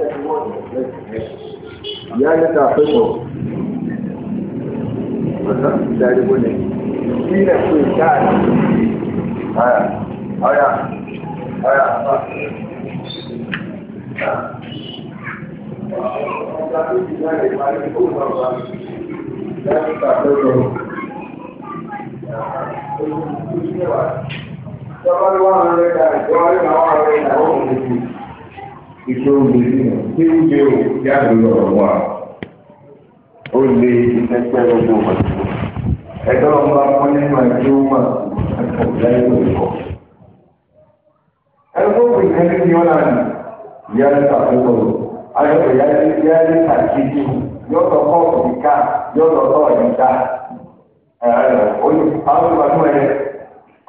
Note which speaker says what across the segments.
Speaker 1: ya kafin mu wannan dari ne shi ne ku ta aya aya
Speaker 2: aya Tọ́lá wà lórí ẹ̀ka ìjọ ayé náà wà lórí ẹ̀ka òun nìyí. ìṣe oúnjẹ nínú tí ó lé o yàtọ̀ lọ́rọ̀ wa ó lé ẹgbẹ́ ọgbọ́n wa ẹgbẹ́ ọmọ akọ́ nínú ẹgbẹ́ ọmọ ẹgbẹ́ ọ̀gáyé ẹgbẹ́ wọ́n náà sàkóso yọ̀tọ̀ yọ̀tọ̀ tọ̀ ẹ̀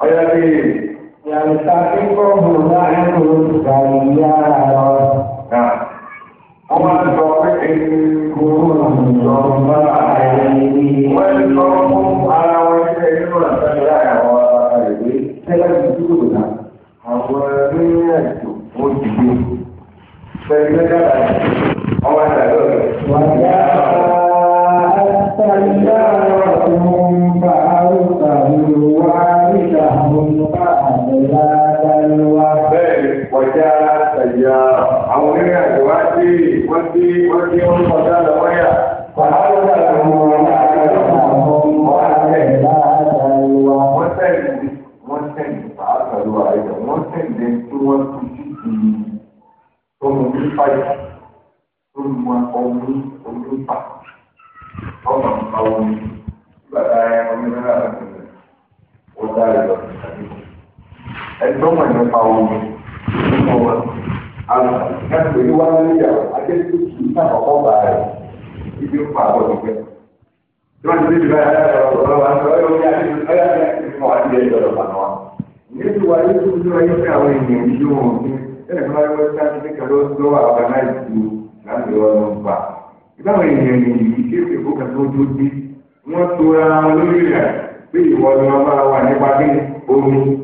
Speaker 1: ọ̀yọ̀ Yàtàkíkọ̀bù
Speaker 3: láàrin òṣìṣà ìyá rọ̀. Wọ́n máa ń sọ pé èyí kúrò ìjọba àìní. Wọ́n ń sọ fún ara wọn ṣe inú àtàlẹ́ àwọn àìwé tẹ́lẹ̀ dúró náà. Àwọn ẹgbẹ́ ẹ̀jọ̀ ó ti gbé. Bẹ́ẹ̀ni
Speaker 2: kọjá ṣàyà àwọn onírìn àjò wá sí wọ́n sí wọ́n sí wọ́n kọjá lọ wáyà. Wàhálà wà lọ́wọ́
Speaker 1: wọn àgbàdo àwọn ọmọ àgbẹ̀ láàárín wa. Wọ́n tẹ̀lé wọ́n tẹ̀lé pàápàá lọ́wọ́ àìsàn wọ́n tẹ̀lé tí wọ́n ti ti ti tó mú ní fáyà tó mú ọmú ọmú pa
Speaker 2: ọmọ àwọn ọmọ bàtà ọmọ náírà ọ̀dà ìlọsìn
Speaker 1: ẹgbẹ́ wọn nípa omi. ọmọ wa ẹ̀kọ́
Speaker 2: yìí wá lórí ìyàwó adéṣe kì í sàkọ́kọ́ bá rẹ̀ ibi ń pa àbọ̀ nípẹ́. ti dé ìdílé ayé ọ̀rọ̀ ọ̀rọ̀ wa ṣọ ẹ̀rọ ní adéṣe ayé adéṣe fún wa ní ẹ̀jọ̀ lọ́pàá náà. níbi wa yóò tún lọ yóò fẹ́ àwọn ènìyàn yìí yóò wọ̀n sí ẹ̀rọ ní wọ́n ti sáà ti kẹ́ lọ́wọ́ àwọn náà ju láti ọ̀rọ̀ nípa. ìbáwọn kó lórí pé ìwọ ni wà nípa bí omi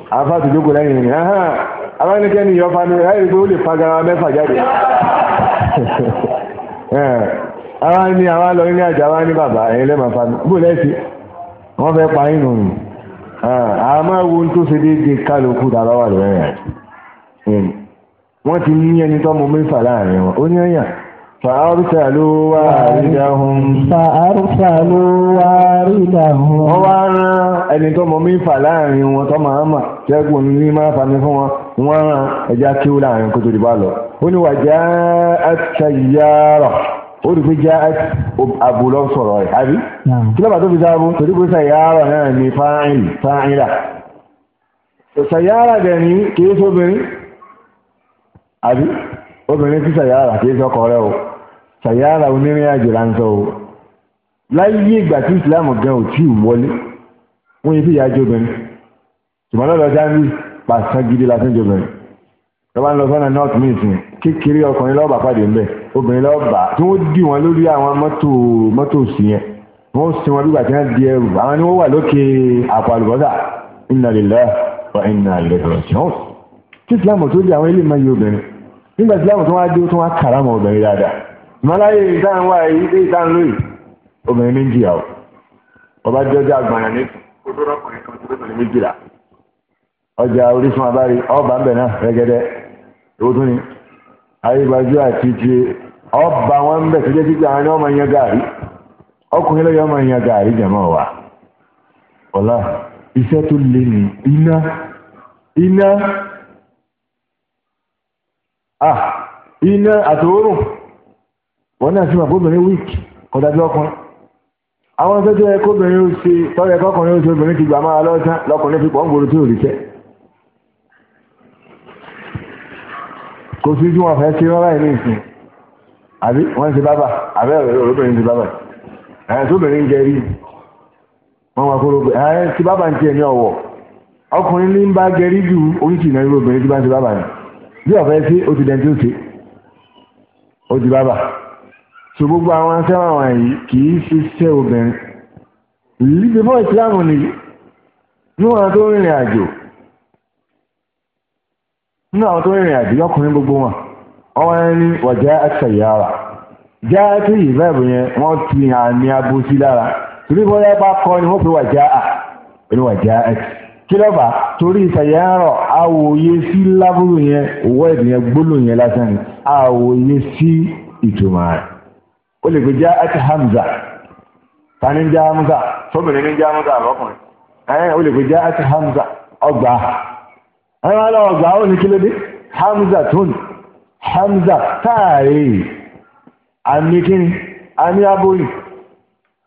Speaker 2: Afa ti jókòó lẹ́yìn ni abánikẹ́ni yọ fa ni láyé pé ó lè fa garawa mẹ́fà jáde àwa ni àwa lọ nílé àjà wa ní bàbá ẹ̀yin lẹ́mọ̀ fa mi bó lẹ́sí wọ́n fẹ́ pa inú nù àmọ́ ewu tó ṣe déédéé kálukú dára wà lọ́rẹ̀ rẹ̀ wọ́n ti ní ẹni tó mú mẹ́fà láàrin wọn ó ní ẹ̀yà. فأرسلوا واردهم فأرسلوا واردهم wọ́n wá rán ẹni tó mọ mí fà láàrin wọn tó máa mà ṣẹ́gun ní máa fami fún wọn wọ́n rán ẹja kí ó láàrin kó tó bá tó fi sáàbù torí pé sàyàrá náà ni fáàrin fáàrinlà. sàyàrá dẹ̀ ní kì í sóbìnrin àbí obìnrin tí sàyàrá kì í sọkọ rẹ o sàyára onírìn àjò ránṣọ o láyé ìgbà tí ìsìláàmù gan ò tí ì wọlé wọn yìí fi ìyá jó obìnrin ṣùgbọ́n lọ́dọ̀ sáńdì pàṣẹ gidi la fi ń jó obìnrin lọ́ba ń lọ sọ́nà north mincin kékeré ọkùnrin lọ́ọ̀bà pàdé ńbẹ obìnrin lọ́ọ̀bà tí wọ́n dì wọ́n lórí àwọn mọ́tò mọ́tò sí yẹn wọ́n sin wọn bígbà tí wọ́n di ẹrù àwọn ni wọ́n wà lókè àpò àlùbọ́sà inna lillahi wa inna ilaihi tí ìsìláàmù tó mọ́láyé ìdáhùnwá yìí dé ìdáhùnlò obìnrin ní jìyà o ọba jọjọ àgbàyà ní kan tó lóbìnrin méjìlá ọjà orísun abárí ọba ń bẹ̀ náà rẹ́gẹ́dẹ́ èwo ayébájú àti ti ọba wọn ń bẹ̀ tó títí àwọn ọmọ yẹn gàrí ọkùnrin lóye ọmọ yẹn gàrí wa ọ̀la tó lé ní iná iná ah iná wọn náà sì mọ̀ kóbìnrin wíìkì kọjá bí ọkùnrin àwọn ọ̀sẹ̀ tó yẹ kóbìnrin ó ṣe tọ́yẹ kọkùnrin ó ṣe obìnrin ti gbà máa lọ́sán lọkùnrin fi pọ̀ ń gbòòrò tí ò rí tẹ́ kò sí tí wọ́n fẹ́ ṣe wọ́n báyìí ní ìsìn àbí wọ́n ṣe bábà àbẹ́ òróbìnrin ṣe bábà ẹ̀ tóbìnrin jẹ rí wọ́n wá kóró ẹ̀ ti bábà ń tiẹ̀ ní ọ̀wọ̀ ọkùnrin ní ń bá gẹrí ju oríṣi ìnáwó so gbogbo àwọn asẹ́wọ̀n àwọn yìí kì í ṣiṣẹ́ obìnrin lílé fún ìsìlámù nìyí nínú àwọn tó rìnrìn àjò nínú àwọn tó rìnrìn àjò lọ́kùnrin gbogbo wọn ọwọ́ ẹni wọ̀já àtẹ̀yàrá já tí ìbẹ́ẹ̀bù yẹn wọ́n ti àmì abúsí lára torí bóyá bá kọ́ ni wọ́n fi wàjá à pẹ̀lú wàjá ẹ̀tì kí ló fà torí ìtẹ̀yàrọ̀ àwòye sí lábúrò yẹn òwò ẹ̀dìyẹn gbólò lásán ni àwòye sí ìtumọ̀ rẹ̀ ó lè pè já àti hamza ta ní já hamza tóbìnrin ní já hamza àbọ́kùnrin ẹ̀ ó lè pè já àti hamza ọgbà ẹ̀ wọ́n lọ ọgbà ó ní kí ló dé hamza tún hamza táàrí àmì kíni àmì abóyìn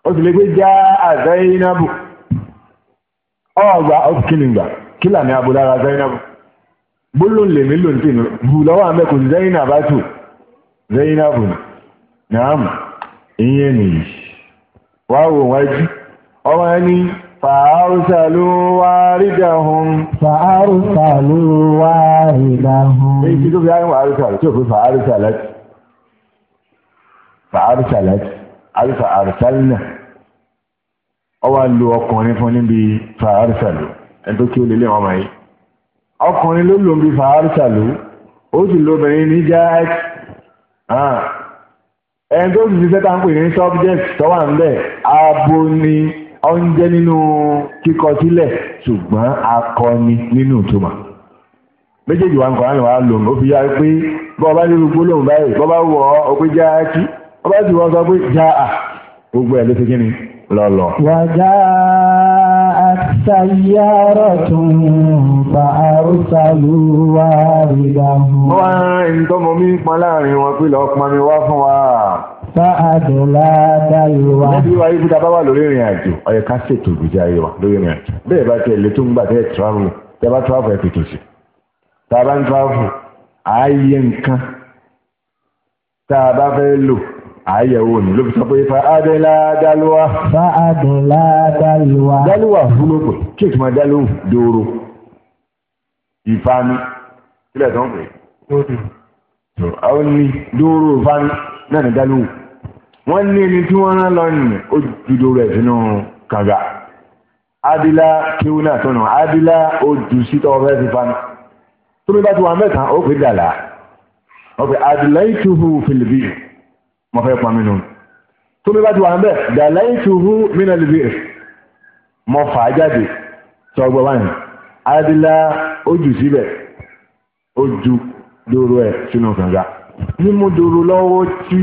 Speaker 2: ó sì lè pè já àzainabu ọgbà ó kí ni gbà kí làmì abúlára zainabu gbólóhùn lèmi lòun tì mí bù lọ́wọ́ àmẹ́kùn zainabatu zainabu ni nàám ìyẹn nìyí wá wò wájú ọmọ ẹni fàárùsàlù wárídàhùn. fàárùsàlù wárídàhùn. èyí tí tó fi ayé wàárùsàlù tí ò fi fàárùsàlù fàárùsàlù àrùsàlù náà ọwọ́ lo ọkùnrin fún níbi fàárùsàlù ẹni tó kí ó lélẹ̀ ọmọ yìí ọkùnrin ló lò ń bi fàárùsàlù ó sì lóbìnrin ní jáàkì ah, ẹni tó sì ṣiṣẹ́ tá à ń pè ní subject tó wà ńlẹ̀ abo ni ó ń jẹ́ nínú kíkọ sílẹ̀ ṣùgbọ́n akọni nínú ìtumọ̀ méjèèjì wa ń kọ́ àyànwá lò ó fi yá pé bọ́ ọba nínú gbólóhùn báyìí bọ́ bá wọ̀ ọ́ ọ pé já kí ọba sì wọ́n sọ pé já à gbogbo ẹ̀ ló ṣe kí ni
Speaker 3: lọ́lọ́. wàjà á. سيارة فأرسلوا واردهم وإن
Speaker 2: تمومي ملاري وقيل أقمامي وفوا
Speaker 3: fáàdùlá dáìwá. Níbi wá
Speaker 2: ibi tá a bá wà lórí ìrìn àjò, ọ̀yẹ̀ ká ṣètò ìgbìjà ayé wa lórí ìrìn àjò. Bẹ́ẹ̀ bá tiẹ̀ lè tó ń gbà tẹ́ tíráfù, tẹ́ àyẹ̀wò ni ló fi sọ pé fa adela daluwa. fa adela daluwa. daluwa fúlọ́pù kí ètò máa dalu dòrò ìfani kílẹ̀ tó ń pè. àwọn ní dòrò ìfani náà ní dalu wọ́n ní ẹni tí wọ́n rán lọ nìyẹn ó ju dòrò ẹ̀ sínú kànga adila kíwú náà tó nù adila ó ju sítọ́ ọ̀fẹ́ ti fani tóbi bá ti wà mẹ́ta ó pè dàlà ó pè adila ìtúhù fìlìbì. mo fẹ́ pa mí nù tó bá ti wà ń bẹ̀ dàlẹ́yìntìhù mínà lè bèèrè mọ fà á jáde sọ ọgbọ báyìí adìlá ojú síbẹ̀ ojú dòrò ẹ̀ sínú kànga dòrò lọ́wọ́ tí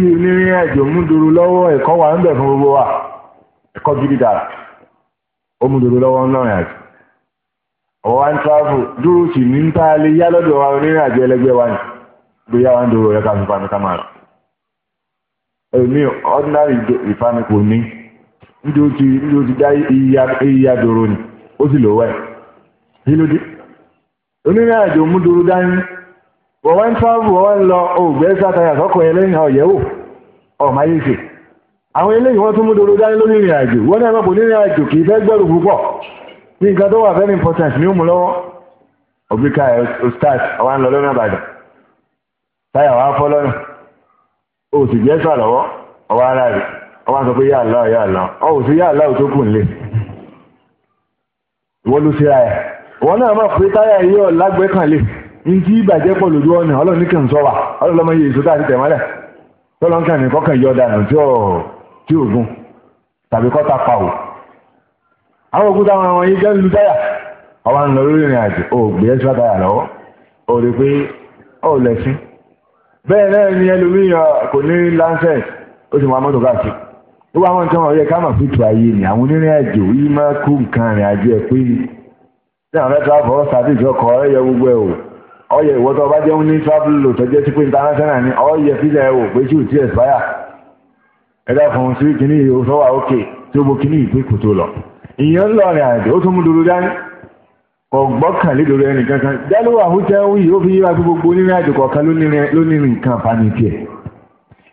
Speaker 2: dòrò wa ẹ̀kọ́ gidi dára ó dòrò lọ́wọ́ náà wa ń tíráfù dúró sí ni ń dòrò ẹ̀mí ordinary ìfami kò ní nítorí ó ti nítorí ó ya dá ni ó sì lò wẹ̀ kí ló dé onírìn àjò múdúró dání wọ́n wá ń tábù wọ́n wá ihe Ọ òògbẹ́ àwọn eléyìí tún dání lórí ìrìn àjò náà àjò kì í ní nǹkan very important ní òmù start àbàdàn táyà wà á o sì jẹ́ sàlọ́wọ́ ọwọ́ ara rẹ̀ ọwọ́ sọ pé ya lọ ya lọ ọ ò sí yà lọ tó kù nílé ìwọ ló ṣe àyà ìwọ náà mọ̀ pé táyà yìí ọ̀ lágbẹ́kànlé ní tí ìbàjẹ́ pọ̀ lójú ọ̀nà ọlọ́ọ̀ni kàn sọ wà ọlọ́ọ̀lọ́mọ yìí èso tá a ti tẹ̀ ní kọ́kàn yọ ọ̀daràn tí ò tí ò tàbí pa ò àwọn òkúta wọn yìí jẹ́ lu táyà ọwọ́ àjò ò gbé ẹ́ sọ́ bẹ́ẹ̀ náà ni ẹlòmíràn kò ní lancet ó sì mọ amọ́tò káàkiri gbogbo àwọn nǹkan ọ̀yẹ́ ká mọ̀ fìtò ayé ni àwọn onírìn àjò yìí máa kú nǹkan rìn àjò ẹ̀ pé àwọn ẹ̀ka ìjọkọ̀ gbogbo ẹ̀ o ìwọ́ tó jẹ́ ń ní travel pé international ni fílẹ̀ ẹ̀ wò pé tí ò ẹ̀dá fún sí ọgbọ́kànlé lórí ẹnì kankan jálówó àhútẹ́ wí ó fi yíra gbogbo onírìn àjò kọ̀ọ̀kan ló nǹkan àǹfààní tiẹ̀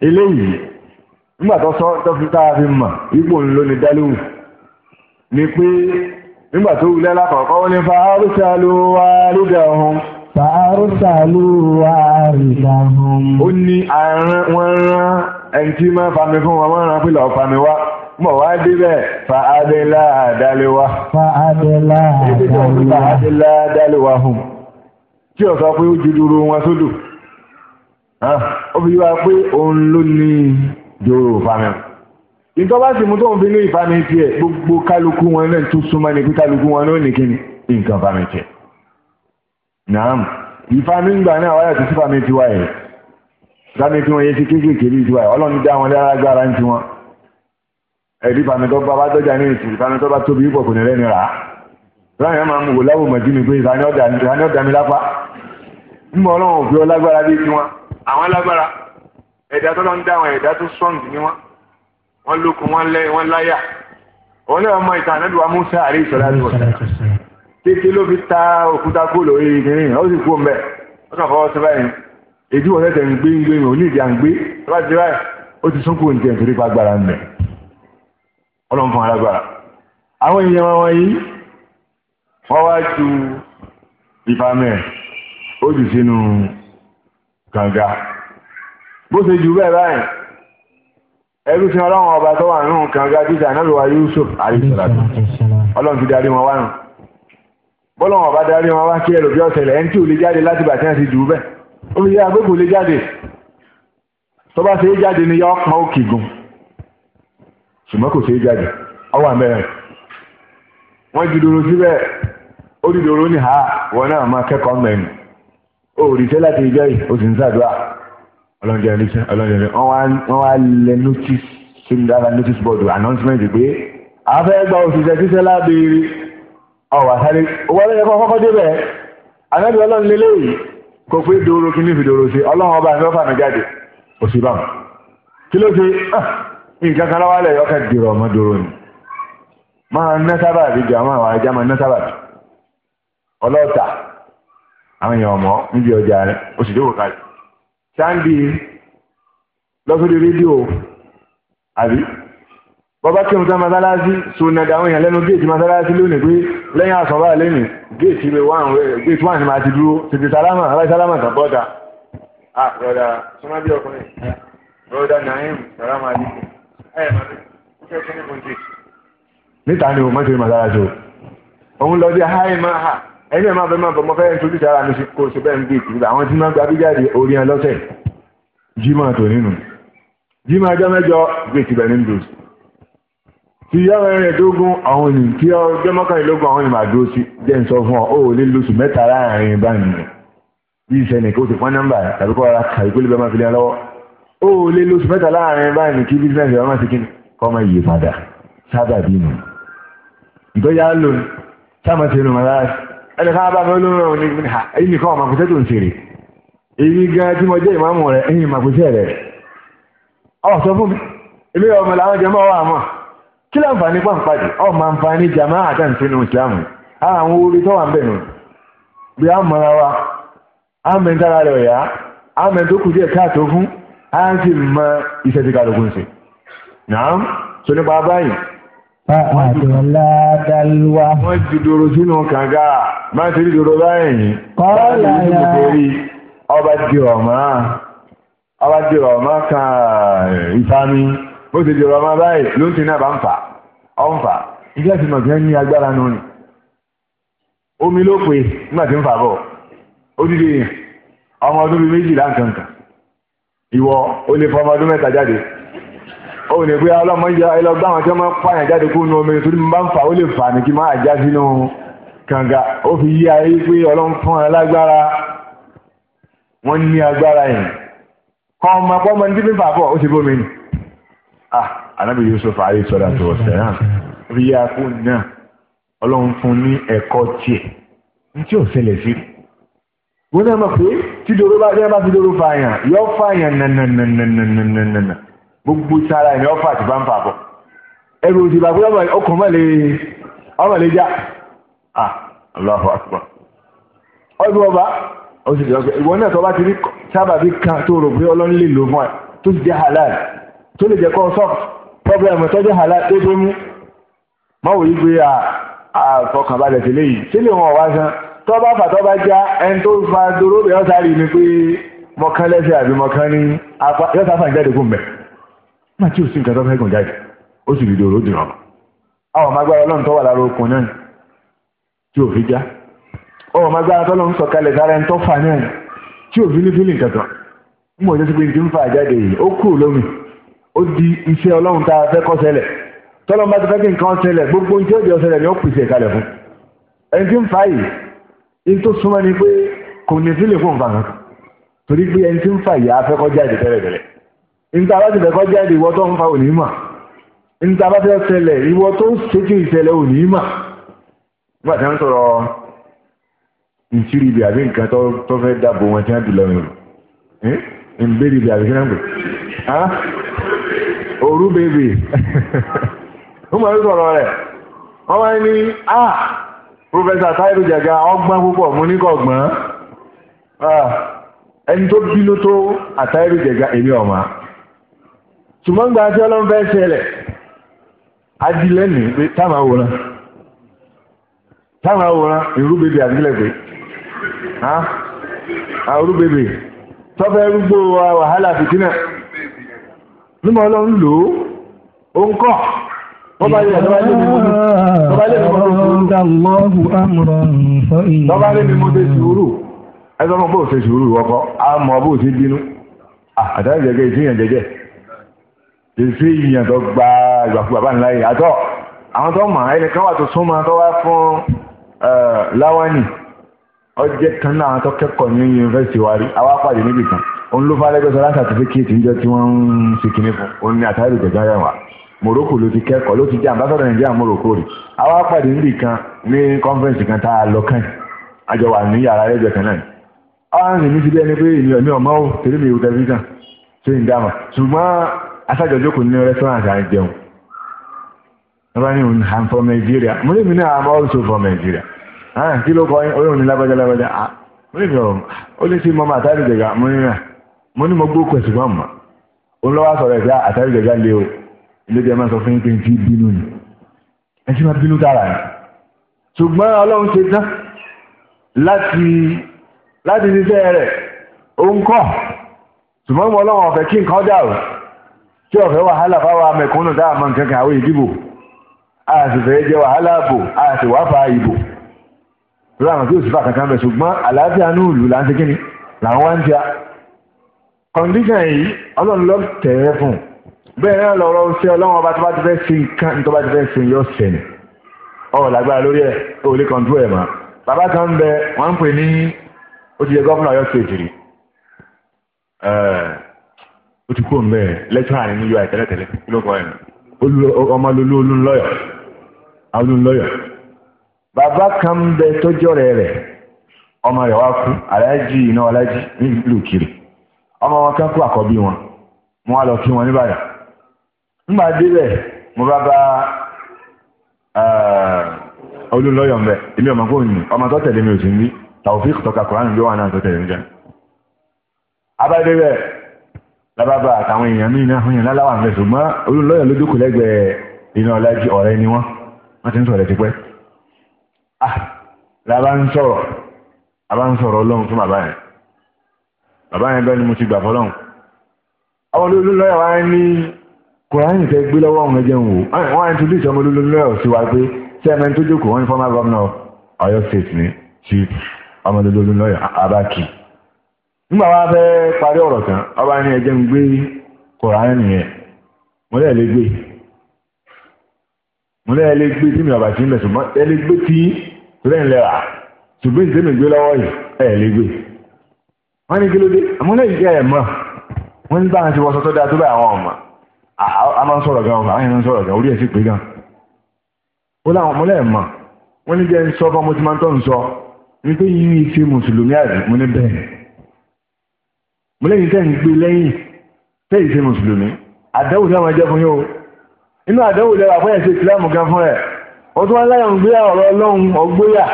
Speaker 2: eléyìí nígbà tó sọ tó fi mọ̀ ipò ń lóni jálówó ni pé nígbà tó wulẹ̀ lákọ̀ọ́kọ́ ó ní fàárùsà ló wá lóde ọ̀hún. fàárùsà ló wá lóde ọ̀hún. ó ní wọ́n rán ẹni tí máa fami fún wọn wọ́n rán pílọ̀ fami wá mọ̀ wá débẹ̀ fa adélá àdáléwá.
Speaker 3: fa adélá àdáléwá. fa adélá
Speaker 2: àdáléwá hùn. tí o sọ pé ó ju dúró wọn sódò. ó fi wá pé òun ló ní dòrò fámẹ́. ìjọba sì mú tóun fi ní ìfami tiẹ̀ gbogbo kálukú wọn náà tó súnmọ́ ni pé kálukú wọn náà ní kíni nǹkan fami tiẹ̀. naam ìfami ń gbà náà wáyà tó sí fami tiwa yẹn. fami tiwọn yẹn ti kéékèèké bí tiwa yẹn ọlọ́run dá wọn lára gbára ń tiwọn ẹ̀rí panadọ́ bá wá dọ́jà ní ìsìn panadọ́ bá tóbi púpọ̀ kò ní lẹ́ni rà á láyìn máa ń wò láwò mọ̀jú mi pé ìsàní ọ̀dà mi lápá ń bọ̀ ọlọ́run òfin ọlágbára bíi tiwọn àwọn alágbára ẹ̀dá tó lọ ń dá àwọn ẹ̀dá tó strong ni wọn wọn lókun wọn lẹ wọn láyà òun náà mọ ìtàn ànábìwá Musa àrí ìsọlá ní ọ̀sán títí ló fi ta òkúta kó lórí ìgbìnrin ó sì kú ọmọ ẹ̀ ó kàn fọwọ́ sí báyìí èdè wọn tẹ̀sẹ̀ ń gbé ń gbé òní ìdí à ń gbé tó bá ti báyìí ó ti sún kúrò ní tiẹ̀ nítorí agbára ń bẹ̀ ọlọ́run fún alágbára àwọn èèyàn wọn wọ́n yìí wọ́n wá ju ìfàmẹ́ ó jù sínú kànga bó ṣe jù bẹ́ẹ̀ báyìí ẹrú sí ọlọ́run ọba tó wà nínú kànga títí ànábìwá Yusuf àríṣàlàtò ọlọ́run ti darí wọn wá nù bọ́lọ́run ọba darí wọn wá kí ẹlòmí ọ̀sẹ̀lẹ̀ ẹni tí ò lè jáde láti bàtí àti jù bẹ́ẹ̀ ó fi yára gbogbo lè jáde tó bá ṣe é jáde ni yọ ọkàn òkè gùn ṣùgbọ́n kò ṣeé jáde ọwọ́ àmẹ́rẹ̀ wọ́n ju dòrò síbẹ̀ ó di dòrò ní ha wọn náà máa kẹ́kọ̀ọ́ mẹ́rin ó rí iṣẹ́ láti ìjọ yìí ó sì ń ṣàdúrà ọlọ́njẹ́ ẹlẹ́sẹ̀ ọlọ́njẹ́ ẹlẹ́sẹ̀ wọ́n wá lẹ notice sí ní dára notice board announcement pé afẹ́ gba òṣìṣẹ́ ṣiṣẹ́ lábẹ́rẹ́ ọwọ́ àṣálẹ́ owó ẹlẹ́yẹ kọ́ kọ́kọ́ débẹ̀ anábì ọlọ́run lélẹ́ yìí kò pé dòrò kí ní fi dòrò nke kan lọ́wọ́ lẹ̀ yọkẹ́ dèrò ọmọ dòrò ni máa ná sábàbí jọ àwọn àwọn ajá ọmọ ọjà kí n sá mọ́sálásí sọ̀nàdà àwọn èèyàn lẹ́nu géètì mọ́sálásí lónìí pé lẹ́yìn àsọ̀bá lẹ́nu géètì géètì wà ní máa ti dúró tètè sálámà aláì sálámà kan bọ́dà ah ọkùnrin naim sálámà níta ni o mọ́tò ìmọ̀ lára jù òun lọ sí háì máa hà ẹni ẹ̀ máa fẹ́ máa bọ̀ mọ́ fẹ́ẹ́ nítorí sára mi kò sí bẹ́ẹ̀ ń gbé ìtìlú àwọn tí máa ń gba abíjáde orí ẹ lọ́sẹ̀ jimá tó nínú jimá ọjọ́ mẹ́jọ gbé ìtìlẹ̀ ní ndòs tí yọ ẹrìn ẹ̀dógún àwọn ni tí ọjọ́ mọ́kànlélógún àwọn ni màá dúró sí jẹ́ ń sọ fún ọ ó lè lóṣù mẹ́ta láàrin báyìí bí ìṣẹ̀lẹ̀ kó ti pọ́n nọ́mbà tàbí kó ara kàwé kó lè bẹ́ẹ̀ máa fi lé lọ́wọ́ o lé lóṣù mẹ́ta láàrin báyìí kí bísíǹsì ọmọ ti kọma kọ́mọ yìí padà sábà bínú ìtọ́jà lò ní ti rìn mọ́lá ẹni ká bá mi olóńgbò ní ẹni kan ọmọ àkùsẹ́ tó ń ṣeré èyí gan tí mo jẹ́ sọ fún mi ilé ọmọ làwọn jẹ mọ́ kí pàǹpàdé ìsìlámù àwọn orí tó wà ń bẹ̀ nù bí a mọ̀ra wa àmì a sì mọ iṣẹ́ tí kálukú ń ṣe náà tó nípa báyìí. Fàdùnládàlúwa. Wọ́n ti dòrò sínú kànga, má ti rí dòrò báyìí. Kọ́lá yà. Ọba dìrọ̀ máa, ọba dìrọ̀ máa kan ìfami, bó ti dìrọ̀ máa báyìí ló ń ti náà bá ń fà, ọ ń fà. Iṣẹ́ ti mọ̀ ní agbára nù ni. Omi ló pè nígbà tí ń fà bọ̀. Ó dìde ọmọ ọdún bíi méjìlá nǹkan kan ìwọ ó lè fọmọ ọdún mẹ́ta jáde ó ní pé ọlọ́mọ ń yọ ẹlọgbà àwọn tí wọ́n máa ń pààyàn jáde kó nu omi torí mo bá ń fà ó lè fà ní kí máa já sínú kànga ó fi yí ayé pé ọlọ́run fún ọ lágbára wọ́n ní agbára yẹn kọ́ ọmọ akọ́ ọmọ níbi fà bọ̀ ó ti bómi ni ah anábì Yusuf ayé sọ̀rọ̀ àti ọ̀sẹ̀ náà rí akú náà ọlọ́run fún ní ẹ̀kọ́ tiẹ̀ ní tí ò ṣẹlẹ̀ sí mo náà mọ̀ pé tídoro bá dé bá tídoro fa àyàn yọ fa àyàn nànànànànànànà gbogbo sára ẹ̀yàn ọ̀fà àti báńfà bọ̀ ẹrù òsì bàbá ọkọ̀ mọ̀lẹ́ já ah Allahu Akbar ọdún ọba ìwọ náà tọ́ bá ti rí sábàbí kan tó rò pé ọlọ́run lè lò fún ẹ tó ti jẹ́ halal tó lè jẹ́ kọ́ sọ́ọ̀kì pọ́blẹ́mù tó jẹ́ halal tó tó mú mọ́wòye pé àfọkànbalẹ̀ tẹ́lẹ̀ yìí tẹ́lẹ̀ wọn ọ̀wá san tọ́ba fàtọ́ba já ẹni tó fa dúró bẹ́ẹ̀ ọ̀sá rí mi pé mọ̀kán lẹ́sẹ̀ àbí mọ̀kán ní apá yọ̀sá fà ń jáde fún mẹ́ má tí ò sí nǹkan tó fẹ́ gùn jáde ó sì dìde òró dìrọ̀ àwọn ọmọ agbára ọlọ́run tó wà lára okùn náà tí ò fi já ọmọ agbára tó lọ́n sọ̀kalẹ̀ sára ẹni tó fà náà tí ò fi ní fílì nǹkan ń mọ̀ jẹ́sí pé ti ń fà jáde yìí ó kúrò lómi ó di in tó súnmọ́ ni pé kò ní sí lè fún nǹkan kan torí pé ẹni tí ń fa ìyá afẹ́ kọjá èdè tẹ́lẹ̀tẹ́lẹ̀ in tá a bá ti fẹ́ kọjá èdè ìwọ tó ń fa òní mà in tá a bá fẹ́ ṣẹlẹ̀ ìwọ tó ń ṣètò ìṣẹ̀lẹ̀ òní mà nígbà tí wọ́n sọ̀rọ̀ ìṣírí ibi àbí nǹkan tó fẹ́ dáàbò wọn tí wọ́n ti lọ́rùn ìbéèrè ibi àbí kí wọ́n pè òru bèbè ó mọ̀ ní sọ̀rọ̀ rẹ̀ wọ́n wá ní ah Professor Taibu Jega ọgbọ́n púpọ̀ mo ní ẹni tó bínú tó àtàìrù Jega èmi ọ̀ma ṣùgbọ́n gba tí ọlọ́run fẹ́ ṣẹlẹ̀ adilẹ́nu pé táwọn àwòrán táwọn àwòrán ìrúbèbè àdílẹ̀gbẹ́ àrúbèbè tọ́fẹ́ rúgbó wàhálà fìtínà nímọ̀ ọlọ́run lò ó
Speaker 1: Bọ́bá ilé ẹ̀dọ́ ilé mi mú ní. Bọ́bá ilé mi mú ní.
Speaker 2: Ọ̀gá lọ́hùn àmọ̀rọ̀ nǹkan ìlú. Bọ́bá ilé mi mú ní sùúrù. Ẹ sọ fún bó ṣe sùúrù ọkọ̀, a mọ̀ bó ṣe bínú. Àdáyé jẹ́gẹ́ ìṣèyàn jẹ́jẹ́. Ìṣèyàn tó gba ìgbàkú bàbá ńlá yìí. Àtọ́ àwọn tó mọ̀ ẹnìkan wà tó súnmọ́ tó wá fún láwánì. Ọjẹ́ kan náà tó kẹ́kọ̀ọ́ Morocco ló ti kẹ́kọ̀ọ́ ló ti jẹ́ àmbásọ́dọ̀ nigeria Morocco rí àwa pàdé kan ní conference kan tá a lọ kàn àjọ wà ní yàrá ẹ̀jẹ̀ kan náà ọ̀hún èmi ti bí ẹni pé èmi ọ̀mí ọ̀mọ́ ò ìwé tẹlifíṣàn ṣé ń dáàmà ṣùgbọ́n aṣájọjọ́ ní restaurant à jẹun Nigeria mo Nigeria ah, kí ló kọ oyún lágbájá lágbájá ah, mo lè ó lè ṣe àtàrí ah. mo ní mo mọ́ òun lọ́wọ́ sọ̀rọ̀ àtàrí ilé jẹ́ máa sọ fún pé fi bínú ni ẹ sì máa bínú dára ẹ̀ ṣùgbọ́n ọlọ́run ṣe tán láti láti ṣiṣẹ́ rẹ̀ ó ń kọ́ ṣùgbọ́n mo ọlọ́run ọ̀fẹ́ kí nǹkan dàrú tí ọ̀fẹ́ wàhálà fáwọn amẹ̀kúnnù dáa mọ́ nǹkan kan àwọn ìdìbò a sì fẹ́ jẹ́ wàhálà ààbò a sì wá fa ìbò lọ́wọ́ àwọn tí ò sì fà kankan bẹ̀ ṣùgbọ́n àlàáfíà ní ìlú là ń ṣe kíni làwọn wá ń ṣe a yìí ọlọ́run ló tẹ̀rẹ̀ fún un bẹ́ẹ̀ náà lọ́rọ̀ ṣe ọlọ́run ọba tó bá ti fẹ́ tó bá ti fẹ́ ṣe yọ ṣẹlẹ̀ ọ̀ lórí ẹ̀ ó lè kàn dú ẹ̀ mọ́ bàbá kan ń bẹ wọ́n ń pè ní ó ti yẹ gọ́fúnà ọ̀yọ́ ṣèjì rí ó ti kú mbẹ́ ní ẹ̀ ọmọ olúńlọ́yọ̀ olúńlọ́yọ̀ bàbá kan ń bẹ tọ́jọ́ rẹ̀ rẹ̀ ọmọ rẹ̀ wá kú aláàjì iná aláàjì kiri ọmọ wọn kan kú àkọ́bí wọn wọn á ńgbà débẹ̀ mo bá bá eh, olùlọ́yọ̀ ń bẹ̀ èmi ọmọ fóònù mi ọmọ tó tẹ̀lé mi ò sí ní Tawfiq tọ́ka Kùránì ló wà náà tó tẹ̀lé mi jẹ́ abáyé bẹ̀ lábàbà àtàwọn èèyàn míì náà fúnyàn láláwà ń bẹ̀ ṣùgbọ́n olùlọ́yọ̀ ló dúkùú lẹ́gbẹ̀ẹ́ iná ti ń ah làbá ń sọ̀rọ̀ àbá ń sọ̀rọ̀ ọlọ́run fún bàbá yẹn bàbá yẹn bẹ́ẹ̀ ni mo ti gbà fọlọ́run àwọn olùlọ́yọ̀ wa ní kòránì tẹ gbé lọ́wọ́ òun ẹjẹ̀ ń wò wọ́n á introduce ọmọ olólùmí ẹ̀ sí wa pé sẹ́ẹ̀mẹ́ tó jókòó wọ́n ní former governor Ọ̀yọ́ state ni chief ọmọ olólùmí ọ̀yọ́ Abaki nígbà wá fẹ́ parí ọ̀rọ̀ tán ọba ní ẹjẹ̀ ń gbé kòránì yẹn mo lẹ́ẹ̀ lé gbé mo lẹ́ẹ̀ lé gbé tí mi ọ̀bà tí ń bẹ̀ ṣùgbọ́n ẹ gbé tí torí ẹ̀ lẹ́ra ṣùgbọ́n ìdẹ́mi gbé lọ́wọ́ gbé wọ́n a máa ń sọ̀rọ̀ gan àwọn èèyàn ń sọ̀rọ̀ gan orí ẹ̀ sì pé gan ó láwọn ọmọ lẹ́ẹ̀mọ̀ wọ́n ní jẹ́ ń sọ bá mo ti máa ń tọ́ ń sọ ní pé yìí ṣe mùsùlùmí àbí mo ní bẹ́ẹ̀ mo lẹ́yìn tẹ́ ń gbé lẹ́yìn tẹ́ ìṣe mùsùlùmí àdánwò tí wọ́n jẹ́ fún yóò inú àdánwò lẹ́wà fún ẹ̀ṣẹ̀ ìsìlámù gan fún ẹ̀ ó tún wá láyọ̀ ń gbé ọ̀rọ̀ ọlọ́run ọgbóyà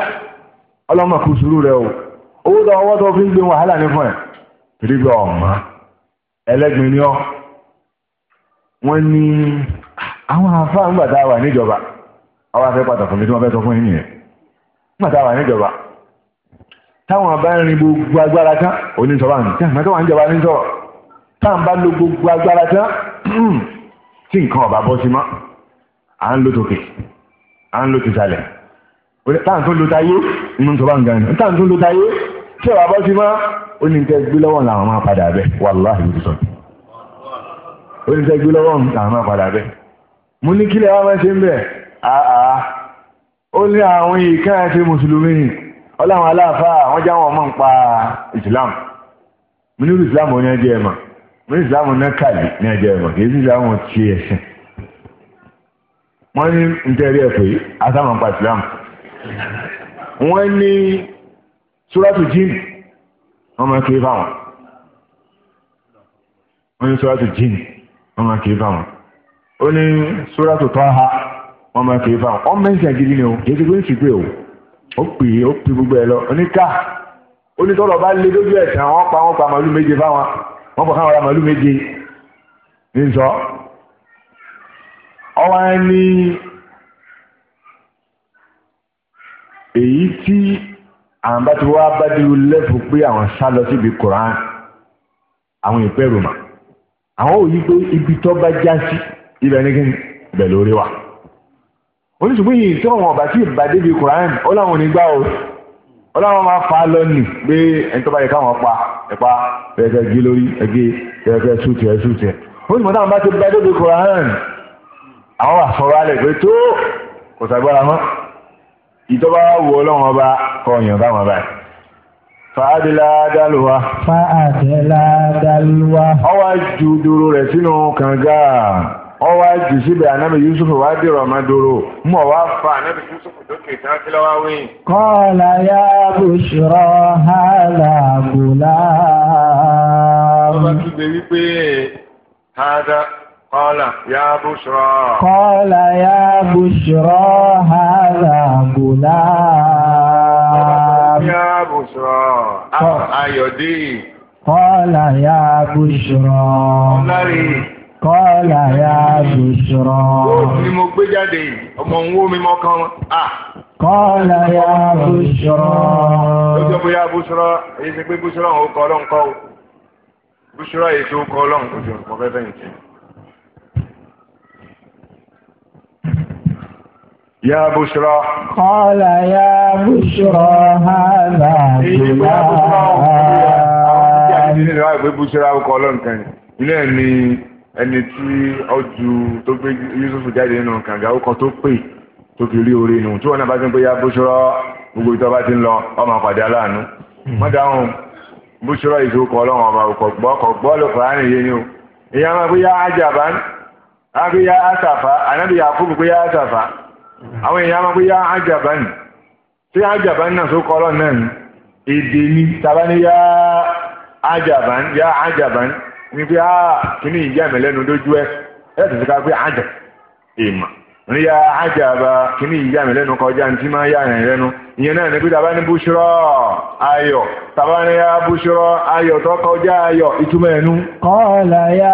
Speaker 2: ọlọ́mọ o owó tó ọwọ́ tó fi ń gbé wàhálà ní fún ẹ̀ torí wọ́n ní àwọn àfáà ńgbà tá wà níjọba àwọn afẹ́ pàtàkì mi tí wọ́n fẹ́ sọ fún yín yẹn ńgbà tá wà níjọba táwọn bá ń rin gbogbo agbára tán oníṣọ́bà ní tí àwọn ń jọba ní sọ̀rọ̀ táwọn bá lo gbogbo agbára tán tí nǹkan ọ̀bà bọ́ sí mọ́ à ń lo tòkè à ń lo tìsàlẹ̀ táwọn tó lo táyé inú sọ́bà ń ga ni táwọn tó lo táyé tí ọ̀bà bọ́ sí mọ́ ó ní tẹ́ gbé lọ́wọ́ làwọn máa padà bẹ̀ wàláhì ló ti ó ti sẹ́gbé lọ́wọ́ àwọn máa padà bẹ́ẹ̀ mo ní kílẹ̀ wá máa ṣe ń bẹ̀ àá ó ní àwọn ìka àti mùsùlùmí ni ọláwọn aláàfáà àwọn jáwọn ọmọ ń pa islam mo ní islam ní ẹjẹ ẹ̀ mọ̀ mo ní islam ní kàlí ní ẹjẹ ẹ̀ kì í sí islam ti ẹ̀sìn wọ́n ní ntẹ́rí ẹ̀ pé asámọ̀ ń pa islam wọ́n ní súrátù jíìnì wọ́n máa ń kéré fáwọn wọ́n ní súrátù jíìnì wọ́n máa kìí fáwọn ó ní sóràtò tọ́ ha wọ́n máa kìí fáwọn ọ́n mẹ́sàn gidi ni o kìí ti pé ń fi pé o ó pè é ó pè gbogbo ẹ lọ oníkà onítọ́rọ̀ bá lé lójú ẹ̀sán wọ́n pa wọ́n pa màálù méje fáwọn wọ́n pa káwọn ra màálù méje ní sọ ọwọ́ á ní èyí tí àwọn bá ti wá bá dúró lẹ́fù pé àwọn sá lọ síbi koran àwọn ìpẹ́rù màá àwọn ò yí pé ibi tó bá já sí ibẹ̀ ní kíni ibẹ̀ lórí wa oníṣùgbọ́n yìí tí wọn ọba tí ìbá débi Quran ó láwọn onígbà o ó láwọn máa fa lọ nì pé ẹni tó bá yẹ káwọn pa ẹ̀pa ẹ̀ẹ́dẹ́ gé lórí ẹ̀gé ẹ̀ẹ́dẹ́ sútì ẹ̀ sútì táwọn bá ti bá débi Quran àwọn wà sọ̀rọ̀ alẹ̀ pé tó kò sàgbára mọ́ ìtọ́ba wọ ọlọ́run ọba kọ̀ọ̀yàn báwọn báyìí. fàádìlá dálùwà.
Speaker 3: fàádìlá
Speaker 2: dálùwà. Ọ wá ju rẹ̀ sínú kànga Ọ wá jù síbẹ̀ ànábì yusuf wá dèrò ọmọ wá fa ànábì yusuf lókè tán kí lọ́wọ́ wí. kọ́ọ̀lá yá bushra
Speaker 3: hàlà bùlá. ọba
Speaker 2: wípé Bushra. Ah, ah, Ayọ̀dé.
Speaker 3: Kọ́lá ya Bushra. Ọlárí. Ah. Kọ́lá ya Bushra. Ó ní mo
Speaker 2: gbé jáde ọmọ òun ó mi mọ́ kan.
Speaker 1: Kọ́lá
Speaker 3: ya Bushra.
Speaker 2: Ó jọ ya Bushra, èyí ti pé Bushra òun kọ́ ọlọ́nkọ́ o. Bushra èyí tó kọ́ ọlọ́nkọ́ jù, mo fẹ́ fẹ́yìntì. يا Bushra,
Speaker 3: قال يا بشرى هذا
Speaker 2: ilé ẹni ẹni tí ọjù tó gbé Yusuf jáde nínú kànga ó kọ tó pè tó fi rí orí inú tí wọn náà bá ti ń pé ya bóṣọrọ gbogbo ìtọ́ bá ti ń lọ ọmọ pàdé aláàánú wọn dáhùn bóṣọrọ ìṣòkò ọlọ́run ọba òkò gbọ́ ọkọ̀ gbọ́ ló fà á nìyé ni o ìyá máa pé ya ajá bá ń á pé ya àṣàfà ànábìyà fún mi pé ya àṣàfà àwọn èèyàn máa pé yá ájàbá nì tí ájàbá náà tó kọ́ lọ́nà ní èdè ní tàbá ní yá ájàbá ní yá ájàbá ní ní pé áà kíní ìyá mi lẹ́nu lójú ẹ ẹ tẹ̀sí ká pé ájà èèmà ní yá ájàbá kíní ìyá mi lẹ́nu kọjá ní tí máa yá àyàn lẹ́nu ìyẹn náà ní pé tàbá ní ayọ̀ tàbá ní yá ayọ̀ tó kọjá ayọ̀ ìtumọ̀ kọ́ọ̀lá yá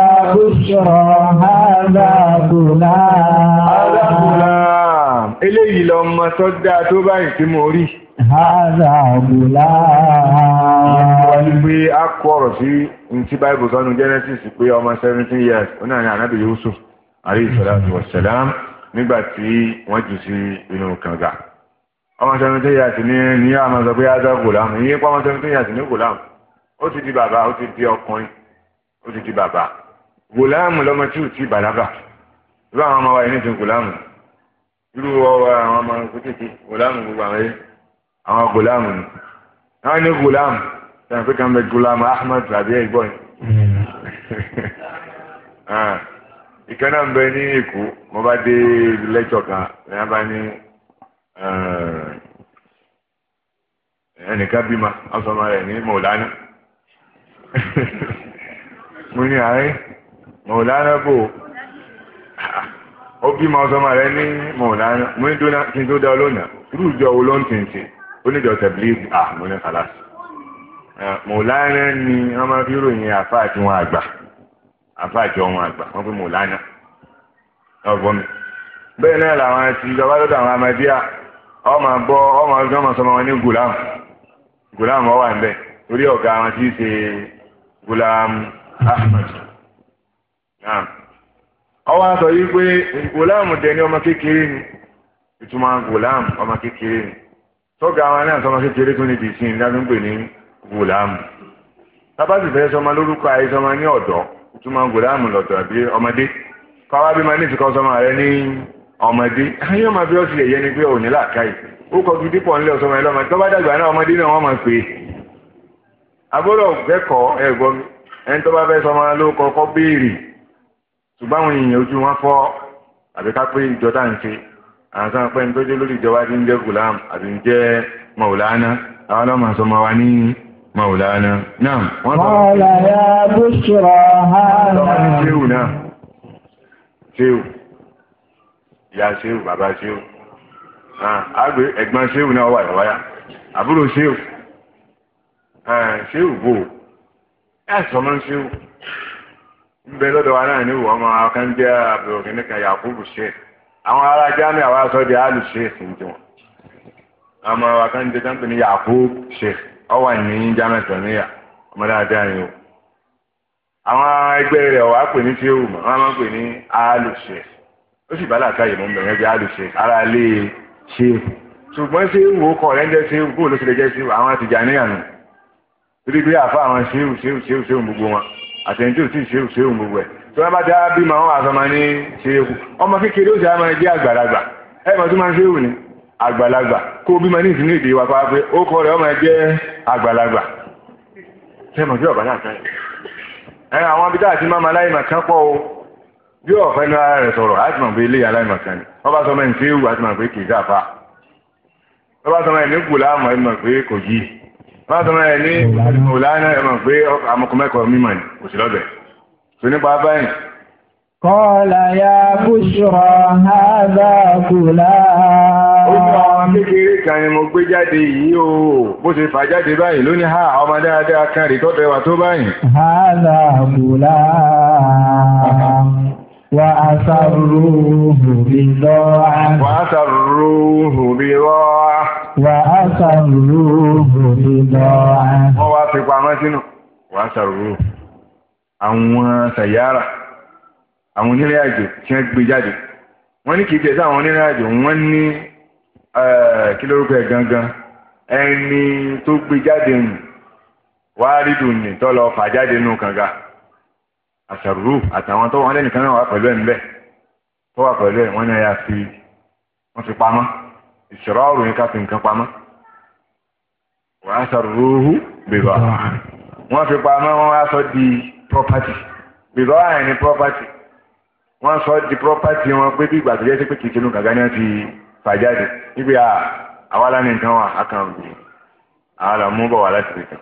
Speaker 2: eléyìí lọ mọ tó dáa tó báyìí tí mo rí. Hàzà àbúlá. Wọ́n ní pé a kọ ọ̀rọ̀ sí ntí Báíbù sọ́nu Genesis pé ọmọ seventeen years ó náà ní ànábì Yusuf alayhi salatu wa salam nígbà tí wọ́n jù sí inú kànga. Ọmọ seventeen years ní ní àmọ́ sọ pé Hàzà gòlámù. Ìyẹn pé ọmọ seventeen years ní gòlámù. Ó ti di bàbá, ó ti di ọkùnrin, ó ti di bàbá. Gòlámù lọmọ tí ò ti bàlágà. Ìbá àwọn ọmọ wa yìí ní ti gòlámù irú ọwọ́ àwọn ọmọ kékeré gòlámù gbogbo àwọn yìí àwọn gòlámù ni àwọn ní gòlámù sẹ́yìn pé kàn bẹ gòlámù Ahmed rabi ẹ̀gbọ́n ah. ìkànnà ń bẹ ní Èkó mo bá dé lẹ́jọ̀ kan lẹ́yìn bá ní eh, ẹnìkan bímọ ọsọmọ rẹ ní mọ̀lánà mo ní àárín mọ̀lánà bò ó ó bí ma ọsọ ma rẹ ní mọ̀lára mo ní dúnà kí n tó dá ọlọ́nà irú ìjọ wo ló ń tẹ̀sí oníjọ tẹ̀blíìsì à mo ní kàlásì mọ̀lára ni wọ́n máa fi ròyìn àfa àti wọn àgbà àfa àti wọn àgbà wọ́n fi mọ̀lára ọ̀bọ mi bẹ́ẹ̀ náà làwọn àti ìjọba lọ́dọ̀ àwọn amadíà ọmọ bọ́ ọmọ ọgbọ́n ọmọ sọmọ wọn ní gùlám gùlám ọwà ń bẹ̀ orí ọ̀gá wọn ti ṣe gùlám ahmed ọwọ́ sọ yìí pé gòláàmù dẹni ọmọ kékeré ni ìtumọ̀ gòláàmù ọmọ kékeré ni tọ́gà àwọn náà sọmọ kékeré tó níbi ìsìn ìdájọ́ ń pè ní gòláàmù tábàtì fẹ́ sọmọ lórúkọ àìsọmọ ní ọ̀dọ́ ìtumọ̀ gòláàmù lọ́dọ̀ àbí ọmọdé káwá bí ma ní ìsìnkọ́ sọmọ rẹ ní ọmọdé ayé ọmọ bí ó ti ni pé òní làákàyè ó kọ gidi pọ̀ nílẹ̀ ọ̀sọ́mọ ẹ ṣùgbọ́n àwọn èèyàn ojú wọn fọ́ àbí ká pé ìjọ tá à ń ṣe àwọn sáà pé ní tó lórí ìjọba ti ń jẹ́ gulam àbí ń jẹ́ maulana àwọn ọlọ́mọ àsọmọ wa ní maulana náà wọ́n sọ.
Speaker 3: mọ́ọ̀lá ya bó ṣèrò hàn. lọ́wọ́ ní ṣéwù
Speaker 2: náà ṣéwù ìyá ṣéwù bàbá ṣéwù àgbẹ̀ ah, ẹ̀gbọ́n ṣéwù náà wà lọ́wọ́yà àbúrò ṣéwù ṣéwù bò ẹ̀ sọmọ ṣéwù nbẹ lọ́dọ̀ wa náà ní ìwọ ọmọ akán jẹ abdulkin nìkan yakubu sheikh àwọn ará jami àwọn aṣọ di alu sheikh ń tiwọn ọmọ akán jẹ tán pé ní yakubu sheikh ọwà ní jami tọ̀níyà ọmọ dáadáa ni o àwọn ẹgbẹ́ rẹ̀ wàá pè ní tíéwù mọ́ wọ́n máa ń pè ní alu sheikh ó sì bá làákàyè mọ́ nbẹ̀rẹ̀ jẹ́ alu sheikh ara lé sheikh ṣùgbọ́n ṣéwù ó kọ̀ rẹ́ ń jẹ́ ṣéwù bóòlù ó sì lè jẹ́ ṣéwù àwọn àtijọ́ àníyàn nù torí àfa àwọn ṣéwù ṣéwù ṣéwù gbogbo wọn àtẹ̀ntì òsì ṣe òṣè òun gbogbo ẹ̀ tí wọ́n bá dá bí màá wà sọ ma ní ṣe é kú ọmọ kékeré ó sì á máa jẹ́ àgbàlagbà ẹ̀ mọ̀ tó máa ṣe òun ni àgbàlagbà kó bí màá ní ìsinú èdè wa pàápẹ́ ó kọ rẹ̀ ó máa jẹ́ àgbàlagbà ṣe mọ̀ sí ọ̀bá náà sáyẹn. ẹ àwọn abidá àti máma aláìmọ̀ kan pọ̀ o bí ọ̀fẹ́ ní ara rẹ̀ sọ̀rọ̀ láti mọ̀ pé ilé aláìmọ̀ é wù àti mọ̀ pé fásitì ẹ̀ ní mọ̀láná ẹ̀ pé amọ̀kùnmẹ́kọ̀ọ́ mímọ̀ ni kò sí lọ́bẹ̀ tó nípa báyìí.
Speaker 3: Kọ́ọ̀lá ya búṣọ̀ hádà kùlá.
Speaker 2: Ó ní ọmọ kékeré kan ni mo gbé jáde yìí o. Bó ṣe fà jáde báyìí ló ní ha ọmọ dáadáa kan rí tọ́tẹ̀ wà tó báyìí.
Speaker 3: Hádà kùlá. Wà á sàrúhù bí lọ́wọ́. Wà á sàrúhù
Speaker 2: bí lọ́wọ́.
Speaker 3: Wa á sàrúhù ìlọ
Speaker 2: wọ́n wá fi pamọ́ sínú wà á sàrúhù àwọn sàyára àwọn onírìn àjò tí wọ́n gbé jáde wọ́n ní kì tẹ̀sí àwọn wọ́n ní kí lórúkọ ẹ̀ gangan ẹni tó gbé jáde nù rí fà jáde nù kànga àtàwọn tó wọn lẹ́nìkan náà wà pẹ̀lú ẹ̀ tó ìṣòro ọ̀rùn yẹn ká fi nǹkan pamọ́ wọ́n á sọ rúurú bèrò àrùn wọ́n fi pamọ́ wọ́n á sọ di property bèrò àrùn ni property wọ́n sọ di property wọn pé bí ìgbà tó yẹ sí pé kìí ṣe nù gàgá ni wọ́n ti fà jáde níbi àwa lá nǹkan wà á kàn gbìn àwa là mú bọ̀ wá láti fi kàn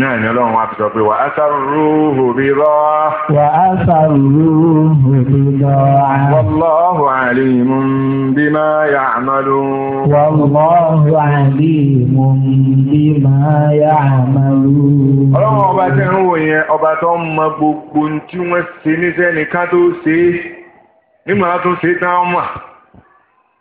Speaker 2: náà ni ọlọ́run wa fi sọ pé wà á sáré rúhù bí rọ́.
Speaker 1: wà á sáré
Speaker 2: rúhù bí rọ́. wàlláhu àlímù bí máa yà àmàlù. wàlláhu
Speaker 3: àlímù bí máa yà àmàlù. ọlọ́run ọba tí ń wò
Speaker 2: yẹn ọba tó ń mọ gbogbo tí wọ́n ṣe níṣẹ́ nìkan tó ṣe é nígbà tó ṣe é tán mọ̀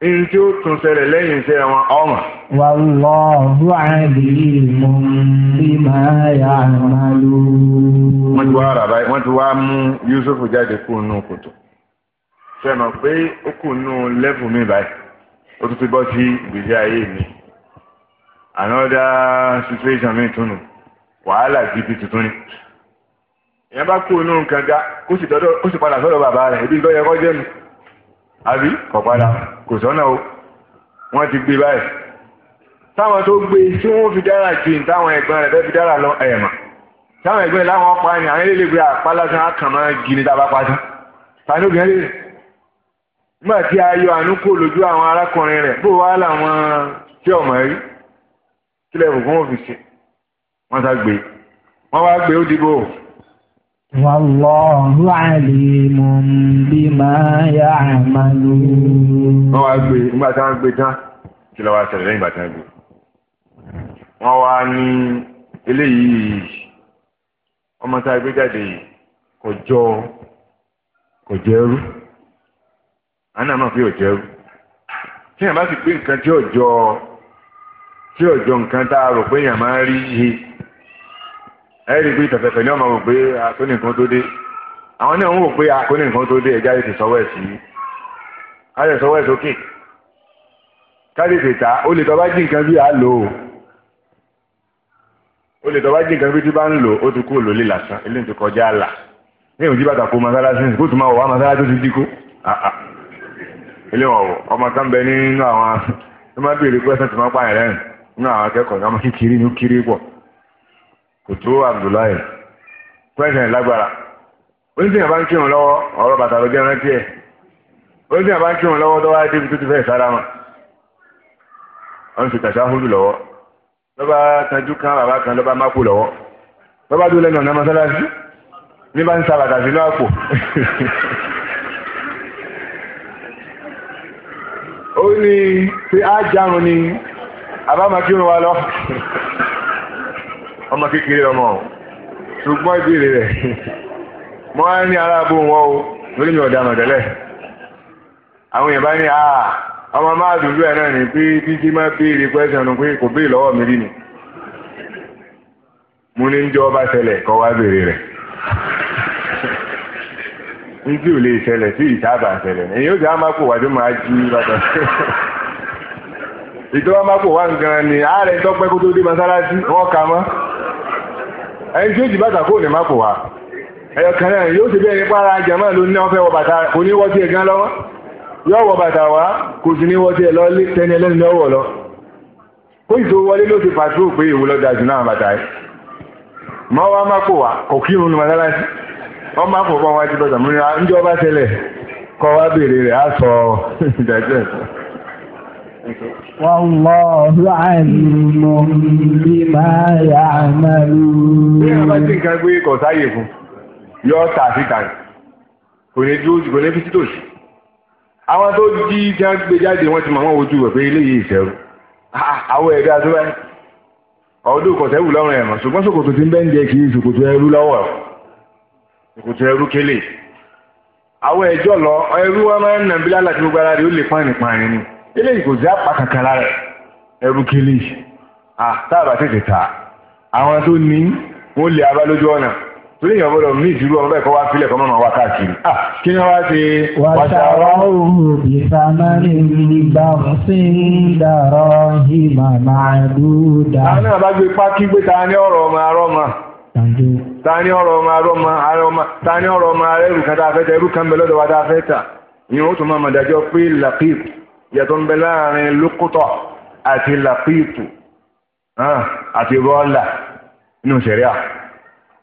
Speaker 2: ní tí ó tún ṣẹlẹ̀ lẹ́yìn iṣẹ́ wọn ọmọ.
Speaker 3: Wallahu alimun bima ya'malun. wọ́n ti wá
Speaker 2: rà báyìí wọ́n ti wá mú Yusuf jáde kú nù kòtò sẹ́mọ̀ pé ó kù nù lẹ́fù mi báyìí ó tún ti bọ́ sí ìgbésí ayé mi another situation mi tún nù wàhálà gidi tuntun ni ìyẹn bá kú nù nǹkan ga kó sì padà sọ́dọ̀ bàbá rẹ̀ ibi ìgbọ́ yẹ kọ́ jẹ́ mi àbí kọ̀padà kò sọ́nà o wọ́n ti gbé báyìí táwọn tó gbé tí wọ́n fi dára ju táwọn ẹ̀gbọ́n rẹ̀ fẹ́ fi dára lọ ẹ̀mà táwọn ẹ̀gbọ́n rẹ̀ láwọn ọ̀pá ni àwọn eléyìí gbé àpá lásán àkàn máa gini dábàá pátá tani obìnrin lè nígbà tí a yọ àánú kó lójú àwọn arákùnrin rẹ̀ bó wá làwọn tí ọmọ rí kílẹ̀ fún òfìsì wọ́n sá gbé wọ́n wá gbé ó dìbò
Speaker 3: Wàlọ́hu àlìmù bí máa yá àmàlú. Wọ́n wá gbé nígbà
Speaker 2: tí wọ́n gbé tán kí ló wá ṣẹlẹ̀ lẹ́yìn ìgbà tí wọ́n gbé. a gbé jáde yìí kò jọ kò jẹ́rú. Àná àmọ́ Tí jọ ẹ̀rí pé tọ̀tẹ̀tẹ̀ ni ọmọ wò pé àkóní nǹkan tó dé àwọn náà ń wò pé àkóní nǹkan tó dé ẹja yìí ti sọwọ́ ẹ̀ sí káyọ̀ sọwọ́ ẹ̀ sókè káyọ̀ tètà ó lè tọ́ bá jí nǹkan bí à lò ó ó lè tọ́ bá jí nǹkan bí tí bá ń lò ó ti kúrò lólè lásán eléyìí ti kọjá àlà ní ìwé jíbàtà kó masalasi kó tó máa wọ̀ wá masalasi tó ti dí kó ilé ọ̀wọ̀ ọmọ kan bẹ nínú àwọn tó máa bèèrè pẹ́sẹ̀ tó máa pààyàn lẹ́nu nínú àwọn akẹ́kọ̀ọ́ kò tó Abdullahi pẹ́sẹ̀n lágbára oníṣẹ́yìn bá ń kírun lọ́wọ́ ọ̀rọ̀ bàtà ló jẹ́ rántí ẹ̀ oníṣẹ́yìn bá ń kírun lọ́wọ́ tó wáyé débi tó ti fẹ́ sálámà ọ̀n sì tàṣà húlù lọ́wọ́ lọ́ba tanjú kan bàbá kan lọ́ba mákù lọ́wọ́ lọ́ba dúró lẹ́nu ọ̀nà mọ́sálásí ní bá ń sa bàtà sínú àpò ó ní ṣé á jarun ni àbá máa kírun lọ. ọmọ kékeré ọmọ ṣùgbọ́n o lórí mi ọ̀dà mọ̀tẹ́lẹ̀ àwọn bá ní a ọmọ máa náà ní pé béèrè pé kò lọ́wọ́ mi rí ni mo ní ń jọ ọba ṣẹlẹ̀ kọ́ wá béèrè rẹ̀ ò lè ṣẹlẹ̀ sí ìsáàbà ṣẹlẹ̀ èyí ó sì á kó máa jí bàtà kó wá nǹkan ni ẹni tí ó jì bàtà kó lè má kò wá ẹ̀yọ̀ kan náà yóò ṣe bí ẹni ló ní ọ̀fẹ́ wọ bàtà kò ní wọ́ gan lọ́wọ́ yóò wọ bàtà wá kò ní lọ tẹni ẹlẹ́ni lọ́wọ́ lọ kó ìṣó wọlé ló ti pàtó pé ìwò lọ́jà jù náà bàtà mọ́ wá má kò wá kò kí irun wọ́n má wọn ti kọ́ wá
Speaker 3: Wallahu alimun bima ya'malun. Bí a bá ti
Speaker 2: nǹkan gbé kọ̀ sáyè fún, yọ tà síta ní. Kò ní dúró kò ní fi títòsí. Àwọn tó jí tí wọ́n gbé jáde wọ́n ti mọ̀ wọ́n wojú rẹ̀ pé eléyìí ìṣẹ́rù. Àwọn ẹ̀dá tó bá ọdún kọ̀tẹ́wù lọ́rùn ẹ̀mọ̀ ṣùgbọ́n ṣòkòtò ti ń bẹ́ ń jẹ kì í ṣòkòtò ẹrú lọ́wọ́ ṣòkòtò ẹrú kélé. Àwọn ẹ̀jọ́ lọ ẹrú wọn máa ń nà bí lálàtí gbogbo ara rẹ̀ ó lè pààyàn pààyàn ni eléyìí kò sí apá kankan lára ẹrú kele àtàbà tètè ta àwọn tó ní wọn lè abá lójú ọ̀nà torí èèyàn gbọ́dọ̀ mí ìdúró ọmọ bẹ́ẹ̀ kọ́ wá sílẹ̀ kọ́ mọ̀mọ́ wá káàkiri. kí ni wọ́n ṣe. wàṣàrọ̀
Speaker 3: òbí samari gbà sí dàrọ̀ ìmọ̀ máa dúdà. àwọn náà bá gbé
Speaker 2: pákí gbé ta ní ọmọ arọ́mọ. ta ní ọ̀rọ̀ ọmọ arọ́mọ arọ́mọ ta ọmọ arẹ́rù kan tá a fẹ́ ta ẹrú kan wa tá a fẹ́ ta. ìyẹn ó tún máa mọ̀ dájọ́ pé làkìrì yàtọ̀ ń bẹ láàrin lókútọ̀ àti làpíìtù ah, àti rọ́ọ̀là nínú sẹ̀ríà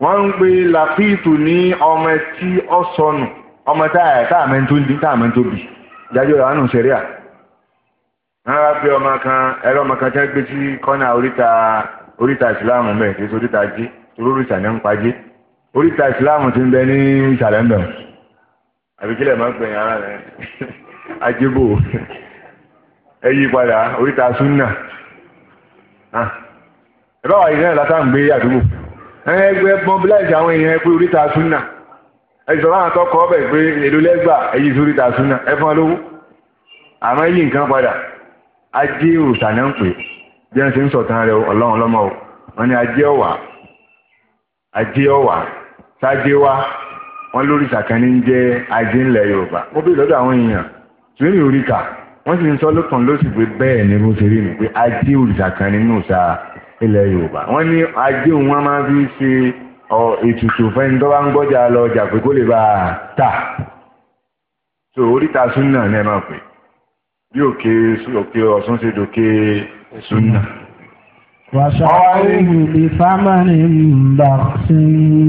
Speaker 2: wọ́n ń pe làpíìtù ní ọmọ tí ó sọnù ọmọ táyà táàmẹ́ tó ń dín táàmẹ́ tó bì jájọ́ ìwà nínú sẹ̀ríà wọ́n á pe ọmọ kan ẹ̀rọ ọmọ kan tí wọ́n gbé sí kọ́nà oríta oríta ìsìláàmù mẹ́ẹ̀ kí oríta jí torí oríta ní ń pajé oríta ìsìláàmù ti ń bẹ ní ìsàlẹ̀ ń bẹ̀rù àbíkílẹ̀ máa ń pè ara rẹ̀ ajébò ẹ padà oríta súnà ẹ bá wà yìí náà látà ń gbé àdúgbò ẹgbẹ́ mobilize àwọn èèyàn pé oríta súnà ẹ sọ láwọn tó kọ pé èlò lẹ́gbà súnà ẹ fún ọ lówó nǹkan padà ajé òòsà náà ajé ọwà, ajé ọwà, sáájé wa wọ́n lórí ajé yorùbá mo bí àwọn èèyàn ní wọ́n sì ń sọ lọ́kàn lóṣù pé bẹ́ẹ̀ ni mo ṣe rí mi pé ajé òrìṣà kan nínú ìta ilẹ̀ yorùbá wọ́n ní ajé òun wọn máa fi ṣe ètùtù fẹ́ni tó bá ń gbọ́jà lọ ọjà pé kó lè bá a tà so oríta súnà ní ẹ máa pè bí òkè òkè ọ̀sán ṣe dòkè súnà.
Speaker 3: وشروه بثمن بخس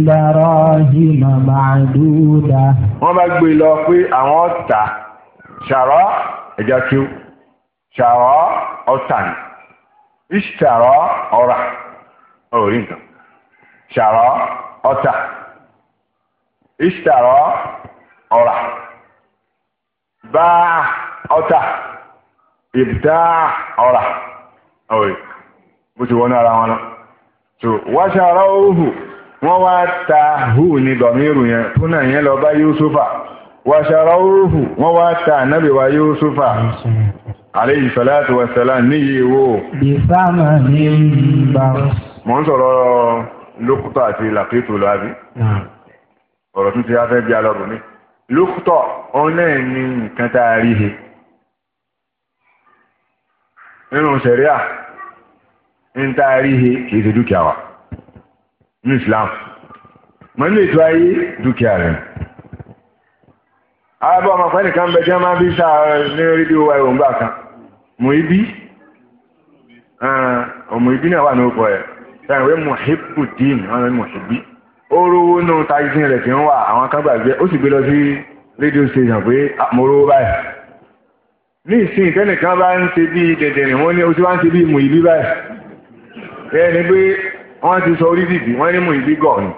Speaker 3: دراهم معدودة.
Speaker 2: wọ́n bá gbé lọ pé àwọn ẹja kí ó ṣàrọ ọtàn ìṣàrọ ọrà orí nǹkan ṣàrọ ọtà ìṣàrọ ọrà bá ọtà ìbùdá ọrà orí bó ti wọnú ara wọn lọ so wá ṣàrọ òhù wọn wá ta hù ní dọmírù yẹn fúnà yẹn lọ bá Yusufa. wàṣàráwòhù wọ́n wá ta ànábì wa Yusufa alayhi salatu wa salam ní iye owó. bífàmà ní bàrọ. mo ń sọ̀rọ̀ lókùtọ̀ àti làkìtò lábí ọ̀rọ̀ tún ti afẹ́ bí alọ́rùn ní lókùtọ̀ ọ̀nà ní nǹkan tá a rí he nínú sẹ̀ríà ń tá a rí he kì í ṣe dúkìá wa ní Islam mọ́ ní ètò ayé dúkìá rẹ̀ àbọ̀ ọmọ pẹ́ nìkan bẹ tí wọ́n máa bí sáà ní rédíò wa ìwòǹgbà kan mò ń bí ọmọ ìbí náà wà ní ọkọ̀ ẹ̀ ẹ̀rọ mọ̀hìbù dín ọmọ mọ̀hìbí ó rówó nù táìsìn rẹ̀ fi ń wà àwọn kan gbàgbé ó sì gbé lọ sí rédíò station pé mo rówó báyìí ní ìsìn ìtẹ́nìkan bá ń ṣe bíi dẹ̀dẹ̀rìn wọ́n ní ó ti wá ń ṣe bíi mọ̀hìbí báyìí bẹ́ẹ̀ ni pé wọ́n ti sọ orí dìbì wọ́n ní mọ̀hìbí gọ̀ọ̀nù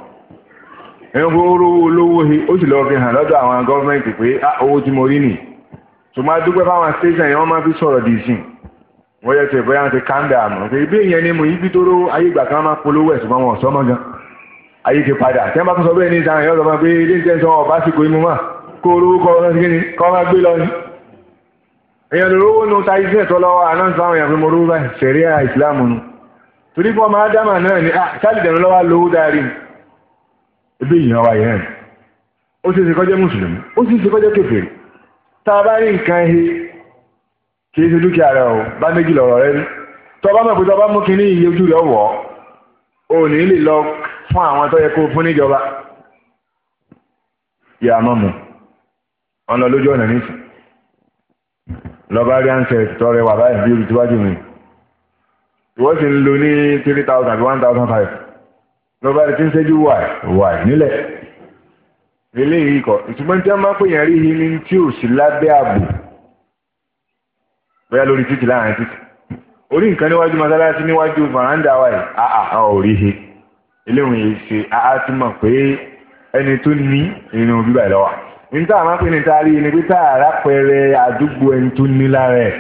Speaker 2: ẹ̀hún orówó olówó o ó sì lọ fi hàn lọ́dọ̀ àwọn gọ́ọ̀mẹ̀ntì pé ah, owó tí mo rí nì ṣùgbọ́n adúgbẹ́ fáwọn station yẹn wọ́n máa fi sọ̀rọ̀ dì wọ́n yẹ tẹ̀ bóyá ti kánda àmọ́ pé ibi ìyẹn ni mo yí bítóró ayé ìgbà kan máa polówó ẹ̀ ṣùgbọ́n wọn ò sọ́mọ́ gan ayé ti padà tẹ́ bá tún sọ bẹ́ẹ̀ ní yọ̀ lọ́mọ pé ilé sọ sì kò kó ni. ebi ìyàn wa yẹn ó sì ṣe kọjá mùsùlùmí ó sì ṣe kọjá kèfèrí tá a bá rí nǹkan he kì í ṣe dúkìá rẹ o bá méjì lọ̀rọ̀ rẹ rí tó bá mọ̀ pé tó bá mú kinní iye ojú rẹ wọ̀ ọ́ ò ní lè lọ fún àwọn tó yẹ kó fún níjọba yà á mọ̀ mọ̀ wọn lójú ọ̀nà nísìn lọ́ba rí àǹsẹ̀ tọrẹ wà báyìí bí olùtíwájú mi ìwọ́sìn ń lò ní three thousand one thousand five lọ́ba rẹ̀ ti ń ṣẹ́jú wà wà nílẹ̀ eléyìí kọ ìtumọ̀ tí a máa ń pè yẹn rí yìí ní tí ò sí lábẹ́ ààbò bóyá lórí títì láàrin títì orí nǹkan níwájú mọ́sálásí níwájú fàrándà wa yìí àà orí he eléwọ̀n yìí ṣe àá ti mọ̀ pé ẹni tó ní inú bíbà lọ́wọ́ níta máa ń pè ní taari ni pé tààrà pẹrẹ àdúgbò ẹni tó ní lára ẹ̀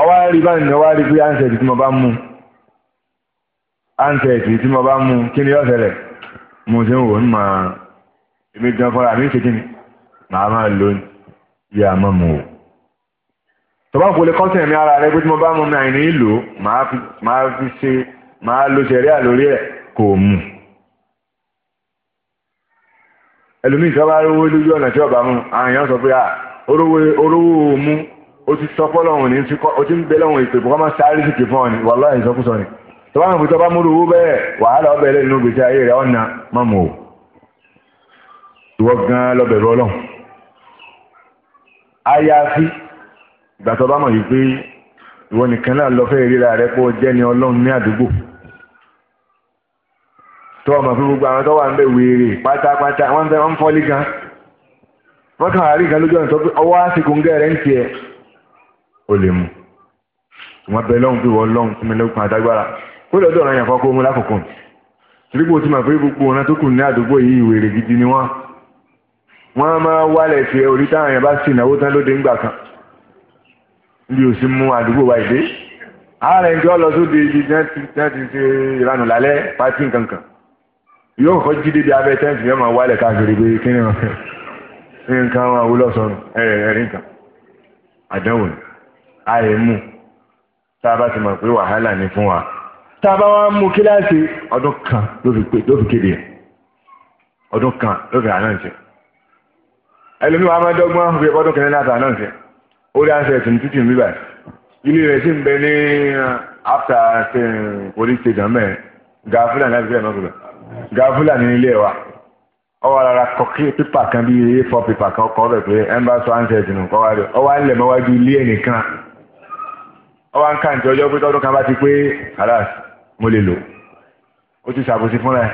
Speaker 2: ọwọ́ rí báyìí ni ọwọ́ rí pé àǹsẹ̀ tuntun mo mú un áńtẹ̀ẹ̀tì tí mo bá mú kí ni yóò ṣẹlẹ̀ mo ṣe ń wò ní máa èmi gan fọ́ra mi ṣe kí ni màá máa lo iye àmọ́ mu o tó bá kò lè kọ́sẹ̀ mi ara rẹ pé tí mo bá mú mi àìní ìlò màá fi ṣe màá lo ṣẹ̀ríà lórí ẹ̀ kò mú ẹlòmíì tí wọ́n bá rówó lójú ọ̀nà tí ọba mú àwọn sọ pé orówó orówó mú ó ti sọ fọ́lọ́hún ní ó ti ń bẹ lọ́hún ìpè fún ọmọ sáré sì ké fún ọ ní wàláhì ìsọkúsọ ni tọ́wọ́ àwọn ìbùtọ́ bá múrù owó bẹ́ẹ̀ wàhálà ọbẹ̀ lẹ́nu inú gbèsè ayé rẹ̀ ọ̀nà mọ́mù o ìwọ gan lọ́bẹ̀rù ọlọ́run àyàfi ìgbà tó bá mọ̀ yìí pé ìwọ nìkan náà lọ fẹ́ ríra rẹ pé ó jẹ́ ni ọlọ́run ní àdúgbò tó ọmọ fún gbogbo àwọn tó wà ń bẹ̀ wéèrè pátápátá wọ́n fẹ́ wọ́n fọ́lí gan wọ́n kàn àárín kan lójú ọ̀nà tó pé ọwọ́ àsìkò ń gẹ̀rẹ́ ń tiẹ̀ ó lè mú wọ́n bẹ lọ́hùn pé wọ́n lọ́hùn fún mi lókun àdágbára ó lọ́dọ̀ ọ̀rọ̀ yẹn fọ́kọ́ òun lákòókò torí pé o ti mọ̀ pé gbogbo ọ̀nà tó kù ní àdúgbò yìí ìwèrè gidi ni wọ́n wọ́n á máa wálẹ̀ fi orí táwọn yẹn bá sì náwó tán lóde ńgbà kan níbi ò sí mú àdúgbò wa ìdé ààrẹ ń jọ lọ sóde ibi tí wọ́n ti ṣe ìranù lálẹ́ pátí nǹkan yóò kọ́ jí débi abẹ́ tẹ́ǹtì yóò máa wálẹ̀ káàkiri pé kí ni wọ́n nǹkan wọn àwòlọ́ tá a bá wá mú kíláàsì ọdún kan ló fi kéde ẹ̀ ọdún kan ló fi ẹlòmíì wàá máa dọ́gbọ́n fi ọdún kẹrin láti ànáǹsẹ̀ ó rí àṣẹ títì ń bíbà ilé sì ń bẹ ní uh, after uh, police station gàfúlà gàfúlà ní ilé wa ọwọ́ pípà kan bí a kan kọ́ pé sọ kọ́ wá ọwọ́ mọ́wájú ilé ọwọ́ pé kan bá ti mo lè lò ó ti ṣàbòsí fúnra ẹ̀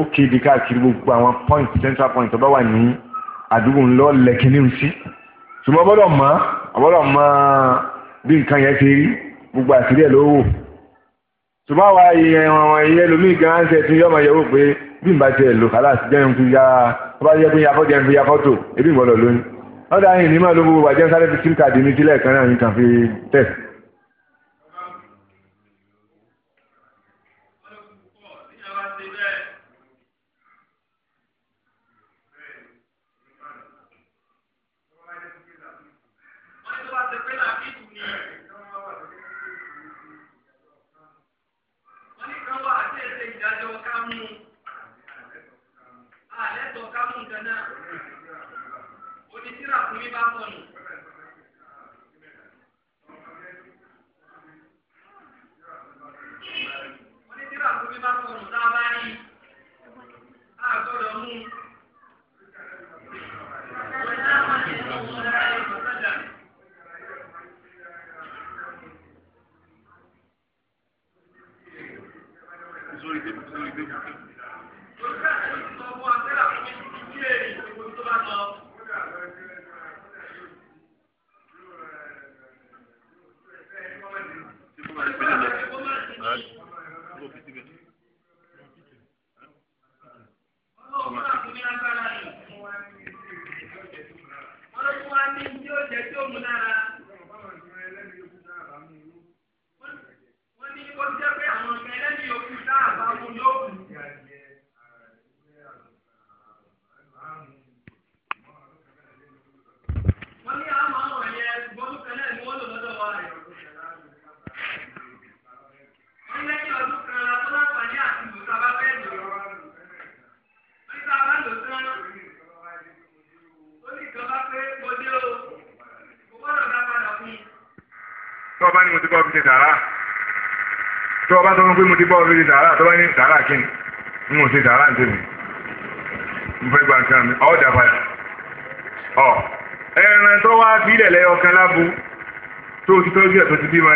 Speaker 2: ó kéde káàkiri gbogbo àwọn point central point tó bá wà ní àdúgbò ńlọ lẹ́kìnní ń sí ṣùgbọ́n ọbọ̀dọ̀ mọ́ ọbọ̀dọ̀ mọ́ bí nǹkan yẹn ti rí gbogbo àṣírí ẹ̀ ló wò ṣùgbọ́n àwa ìyẹn wọn ìyẹn lómìn gan ṣe ti yọmọ yẹwò pé bí n bá tiẹ̀ lò kálá jẹun fi ya ọba jẹ pé yafọ́ jẹun fi ya fọ́tò ebi ń gbọ́dọ̀ lóyún ọ̀dà yìí ní màá ló gbogbo àjẹsára fi sim káàdì mi sílẹ̀ kan náà nǹkan fi tẹ̀sí حرام ní mo ti bọ́ fi ṣe sàrà tó o bá mo ti bọ́ fi ṣe tó bá ní kí ni mo ṣe sàrà ní tèmi mo fẹ́ gba nǹkan mi ọ̀ ọ̀ ẹran tó wá lẹ́yọ kan tó ti tọ́jú ẹ̀ tó ti bímọ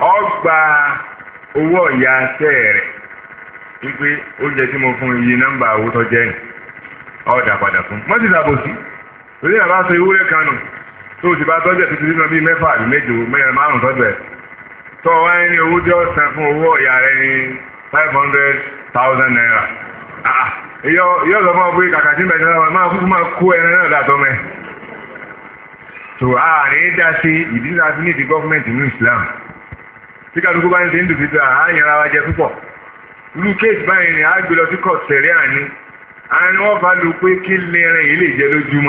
Speaker 2: o ọ owó ọ̀yà sẹ́ẹ̀rẹ̀ wípé oúnjẹ tí mo fún iye nọ́mbà owó tó jẹ́ ọ̀ dà padà fún mọ́tì òní àbá sọ ewúrẹ́ tó o ti bá tọ́jú ẹ̀ títí nínú bíi mẹ́fà àbí méje mẹ́rin márùn-ún tọ́jú ẹ̀ tó o wá ní owó tí ó san fún owó ọ̀yà rẹ ní five hundred thousand naira yóò sọ fún ọ pé kàkà tí mẹ́rin náà máa kúkú máa kó ẹran náà dàtọ́ mẹ́ tó a ní dá sí ìdí náà sí ní ti gọ́fúmẹ̀ntì ní Islam tí kálukú bá ń ṣe ń dùn fífi àáyànra wa jẹ púpọ̀ irú kéèsì báyìí ni àgbélọ́sí kọ̀ sẹ̀rí àní àwọn ni wọ́n fa lu pé kí lè rìn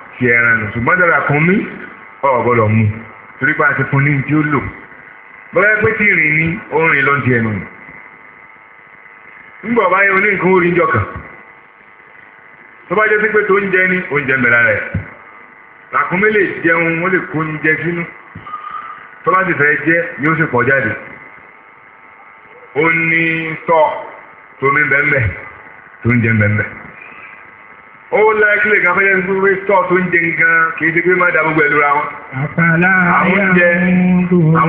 Speaker 2: ti ẹran nù ṣùgbọ́n dọ́là kan mí torí pé a ti fún ní tí ó lò bọ́lá pé tí ìrìn ní orin ló ti ẹnu nù ńgbọ̀ báyìí oní nǹkan orí tó bá jẹ́ sí pé tó ń jẹ ní oúnjẹ mẹ́ra rẹ̀ làkúnmí lè jẹun lè kó oúnjẹ sínú tó bá sì fẹ́ jẹ́ yóò sì pọ̀ jáde tó ń jẹ ó lẹ́kílẹ̀ kan fẹ́jẹ́ sí pé tọ́ tó ń jẹ nǹkan kì í ti pé má dá gbogbo ẹ̀lú ra wọn. àpàlà àyà ń dòwò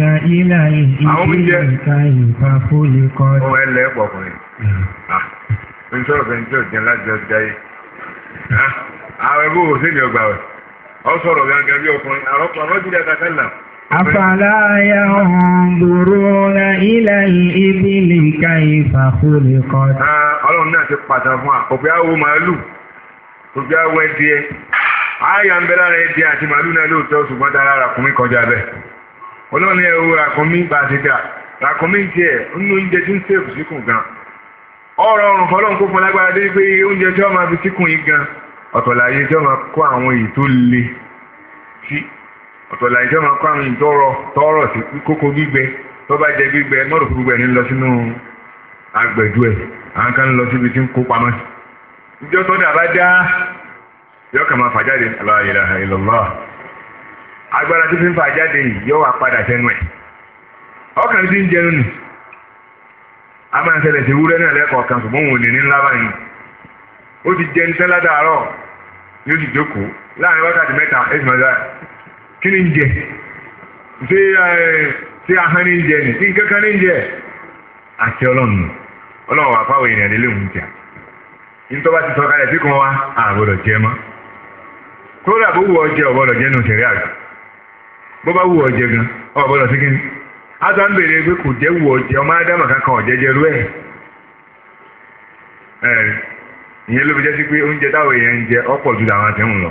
Speaker 2: na
Speaker 3: ilà ìdílé ìta ìfà fóyè kọ́. ó ẹ
Speaker 2: lẹ́ pọ̀kùnrin ń ah, sọ̀rọ̀ bẹ́ẹ̀ ń tí ò jẹun láti jọ jáyé. àwọn ẹgbẹ́ òsèlè ọgbà rẹ̀ ọ sọ̀rọ̀ gangan bí ọkùnrin àrọ́pọ̀ àrọ́jú
Speaker 3: أفلا ينظرون إلى الإبل كيف خلقت
Speaker 2: ah, ọlọ́run náà ti pàtàkì fún wa na àwọ màálù òfin àwọ ẹdìẹ àyà àti màálù náà lóòótọ́ ṣùgbọ́n dára ràkúnmí kọjá bẹ́ẹ̀ ọlọ́run ẹ̀ wo ràkúnmí bá ti dà ràkúnmí nínú oúnjẹ tí ń sèkù síkùn gan fọlọ́run kó fún lágbára dé pé oúnjẹ tí wọ́n máa fi síkùn yìí gan tí wọ́n máa kó ọ̀tọ̀lá làyìn tí wọ́n máa kọ́ àwọn ìtọ́rọ̀ tọ́rọ̀ sí kókó gbígbẹ tó bá jẹ gbígbẹ mọ́rò gbígbẹ ní lọ sínú ẹ̀ àwọn kan lọ síbi tí ń kó pamọ́ ìjọ yọ kà máa fàjáde la agbára tí fi ń fàjáde yìí padà sẹ́nu ẹ̀ ọkàn tí a máa ṣẹlẹ̀ sí wúrẹ́ náà lẹ́kọ̀ọ́ kan ṣùgbọ́n òun ò ní ní ńlá Kini nje? Si jẹ ṣé ṣé ni? si ń jẹ ní sí kankan ní ń jẹ àti ọlọ́run ọlọ́run wà fáwọn èèyàn nílé òun jà nítorí ti sọ kalẹ̀ sí kan wa àbọ̀dọ̀ jẹ mọ́ kódà bó wù ọ jẹ ọ̀bọ̀dọ̀ jẹ nù sẹ̀rí àgbà bó bá wù ọ jẹ gan ọ̀bọ̀dọ̀ sí kí ń bèrè pé kò wù ọ jẹ ọmọ ádámà kankan ọ̀jẹ̀jẹ̀ rú ìyẹn ló fi lọ.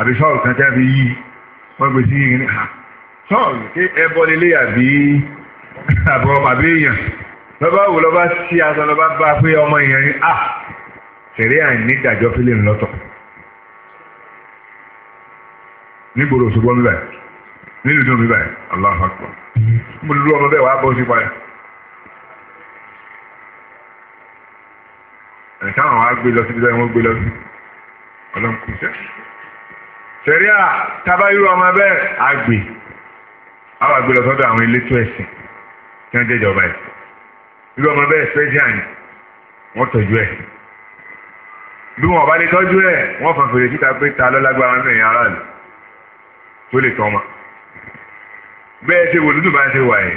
Speaker 2: àbí sọ́ọ̀lù kan tí a fi yí wọ́n gbé sí yìí ní ha sọ́ọ̀lù kí ẹbọ lélẹ̀ àbí àbọ̀ àbí èèyàn lọ́ba wò lọ́ba sí aṣọ lọ́ba bá pé ọmọ èèyàn ní a tẹ̀lé àìní ìdájọ́ fílẹ̀ ńlọ́tọ̀ nígboro òṣùgbọ́n mi báyìí nílùú dùn mi báyìí Allahu Akbar mo lulú ọmọ bẹ́ẹ̀ wàá bọ́ sí padà. ẹ̀ka àwọn á gbé lọ síbi báyìí wọ́n gbé lọ sí ọlọ́mùkú sẹ́yìn sẹ̀ríà tabayú ọmọ bẹ́ẹ̀ àgbè àwọn àgbè lọ sọ́dọ̀ àwọn elétò ẹ̀sìn tí wọ́n jẹ́jọba ẹ̀ irú ọmọ bẹ́ẹ̀ special ni wọ́n tọ́jú ẹ̀ bí wọn bá lè tọ́jú ẹ̀ wọ́n fọn fèrè síta pé ta ló lágbára mẹ́rin aráàlú tó lè tọ́mọ bẹ́ẹ̀ ṣe wò lúdùn bá ń ṣe wà ẹ̀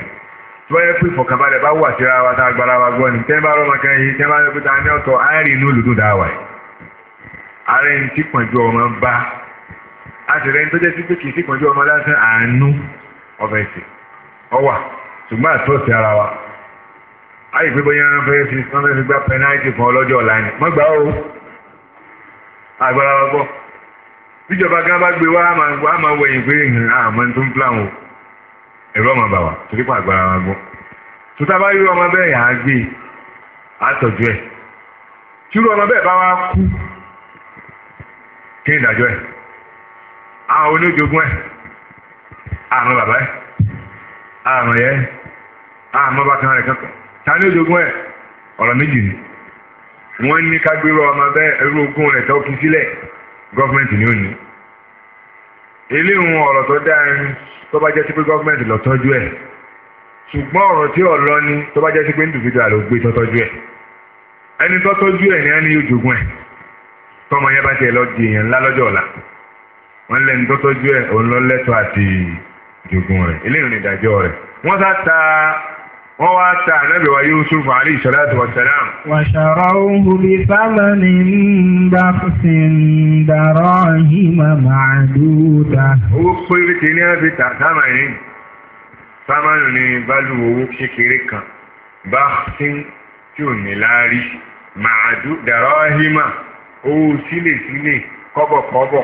Speaker 2: tí wọ́n yẹ pé ìfọ̀kànbalẹ̀ bá wà síra wa tá a gbára wa gbọ́ ni tẹ́ bá rọ́mọ kan yìí tẹ́ bá rọ́mọ kan ní ọ̀tọ̀ àárín inú lùdùn dá wà ẹ̀ àárín tí pọ̀jù ọmọ bá àtẹ̀rẹ́ tó jẹ́ sí pé kìí sí ìpọ́njú ọmọ lásán àánú ọbẹ̀ ẹ̀sìn ọwà ṣùgbọ́n àtọ́sí ara wa ayé pé bóyá wọn fẹ́ fi wọn fẹ́ fi gba pẹnáìtì fún ọlọ́jọ́ ọ̀la ni wọ́n gbà ó agbára wa gbọ́ bíjọba gan bá gbé wa á máa wẹ̀yìn pé ìhìn àmọ́ tó ń plan o ẹ̀rọ ọmọ bàwà torí pa agbára wa gbọ́ tuta bá rí ọmọ bẹ́ẹ̀ yà á gbé àtọ̀jú e, ẹ̀ tí irú ọmọ bẹ́ẹ̀ bá wa kú kí ni ìdájọ́ ẹ̀. àwọn olójoogun ẹ̀ àmọ́ bàbá ẹ̀ a yẹ àmọ́ bàkan rẹ̀ kankan ta ni olójoogun ẹ̀ ọ̀rọ̀ méjì ni wọ́n ní ọmọ bẹ́ẹ̀ ẹrú ogún rẹ̀ tó fi sílẹ̀ ni ó ní tó ni tó bá sí pé lọ tọ́jú ẹ̀ ṣùgbọ́n ọ̀rọ̀ tí ọlọ lọ ni tó bá jẹ́ sí pé ló gbé ẹni ni ẹni yóò di èèyàn ńlá ọla. wọ́n lẹ́nu tó tọ́jú ẹ̀ òun lọ lẹ́tọ̀ọ́ àti jogun rẹ̀ eléyìí ní ìdájọ́ rẹ̀ wọ́n sá ta wọ́n wá ta ànábì wa Yusuf alayhi salatu wa salam.
Speaker 3: wàṣàrọ̀ ohun bí sámánì ń bá fi ń darọ́ ìmọ̀ màdúrà.
Speaker 2: owó péréte ní a fi ta sámánì sámánì ní bálù owó kékeré kan bá fi tí ò ní láárí màdúrà darọ́ ìmọ̀ owó sílẹ̀ kọ́bọ̀kọ́bọ̀.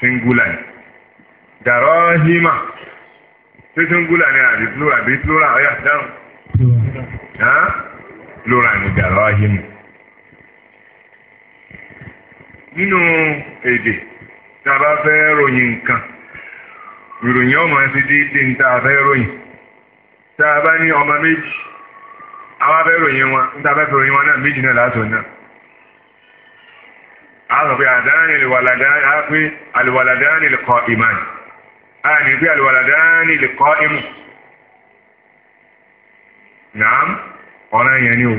Speaker 2: singular gara ṣé singular ni àbí plural àbí plural ọ̀yà dáhùn plural ni dàrọ́hìmù nínú èdè tá fẹ́ ròyìn nǹkan ìròyìn ọmọ ẹsẹ̀ dídí ní tá fẹ́ ròyìn tá ní ọmọ méjì àwọn afẹ́ ròyìn wọn ní fẹ́ ròyìn wọn náà méjì náà náà. àwọn pé àdáni àlùwàlàdáni á pé àlùwàlàdáni lè kọ ìmáànì á ní pé àlùwàlàdáni lè kọ ìmù nàám ọ̀ràn yẹn ni o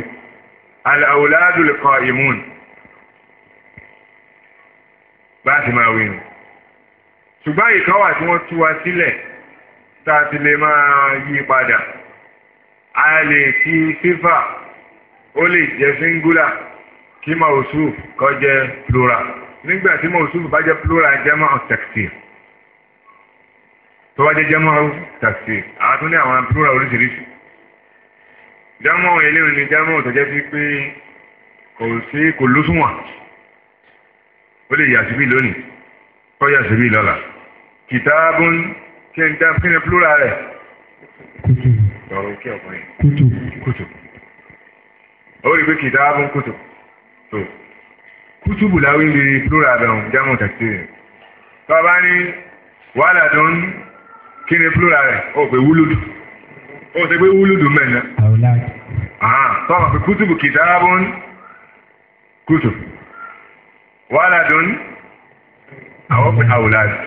Speaker 2: àlàwòládù ṣùgbọ́n ìkan wà tí wọ́n tú sílẹ̀ tá lè máa yí padà a lè kí fífà ó lè jẹ́ síngúlà kí mọ̀ọ́sùf kó jẹ́ plural nígbà tí mọ̀ọ́sùf bá jẹ́ plural jẹ́mọ́ tẹ̀sí tó bá jẹ́ jẹ́mọ́ tẹ̀sí àwọn tó ní àwọn plural oríṣiríṣi jẹ́mọ́ eléyìí ni jẹ́mọ́ tó jẹ́ sí pé kò sí kò lóṣùwọ̀n ó lè yà síbí lónìí kó yà síbí lọ́la kìtàbùn kí n dá kí ni plural rẹ̀ kùtù ọ̀rọ̀ kí o kùtù kùtù ó rí pé kìtàbùn kùtù kútùbù láwí ní plural bẹ̀rùn jámù tàkìtì rẹ̀ tó bá ní wàhálà tó plural rẹ̀ ó pè wúlùdù ó ṣe pé wúlùdù mẹ́rin náà tó wà pé kútùbù kìtàbùn kútùbù wàhálà tó ń àwọn pè àwòláàdì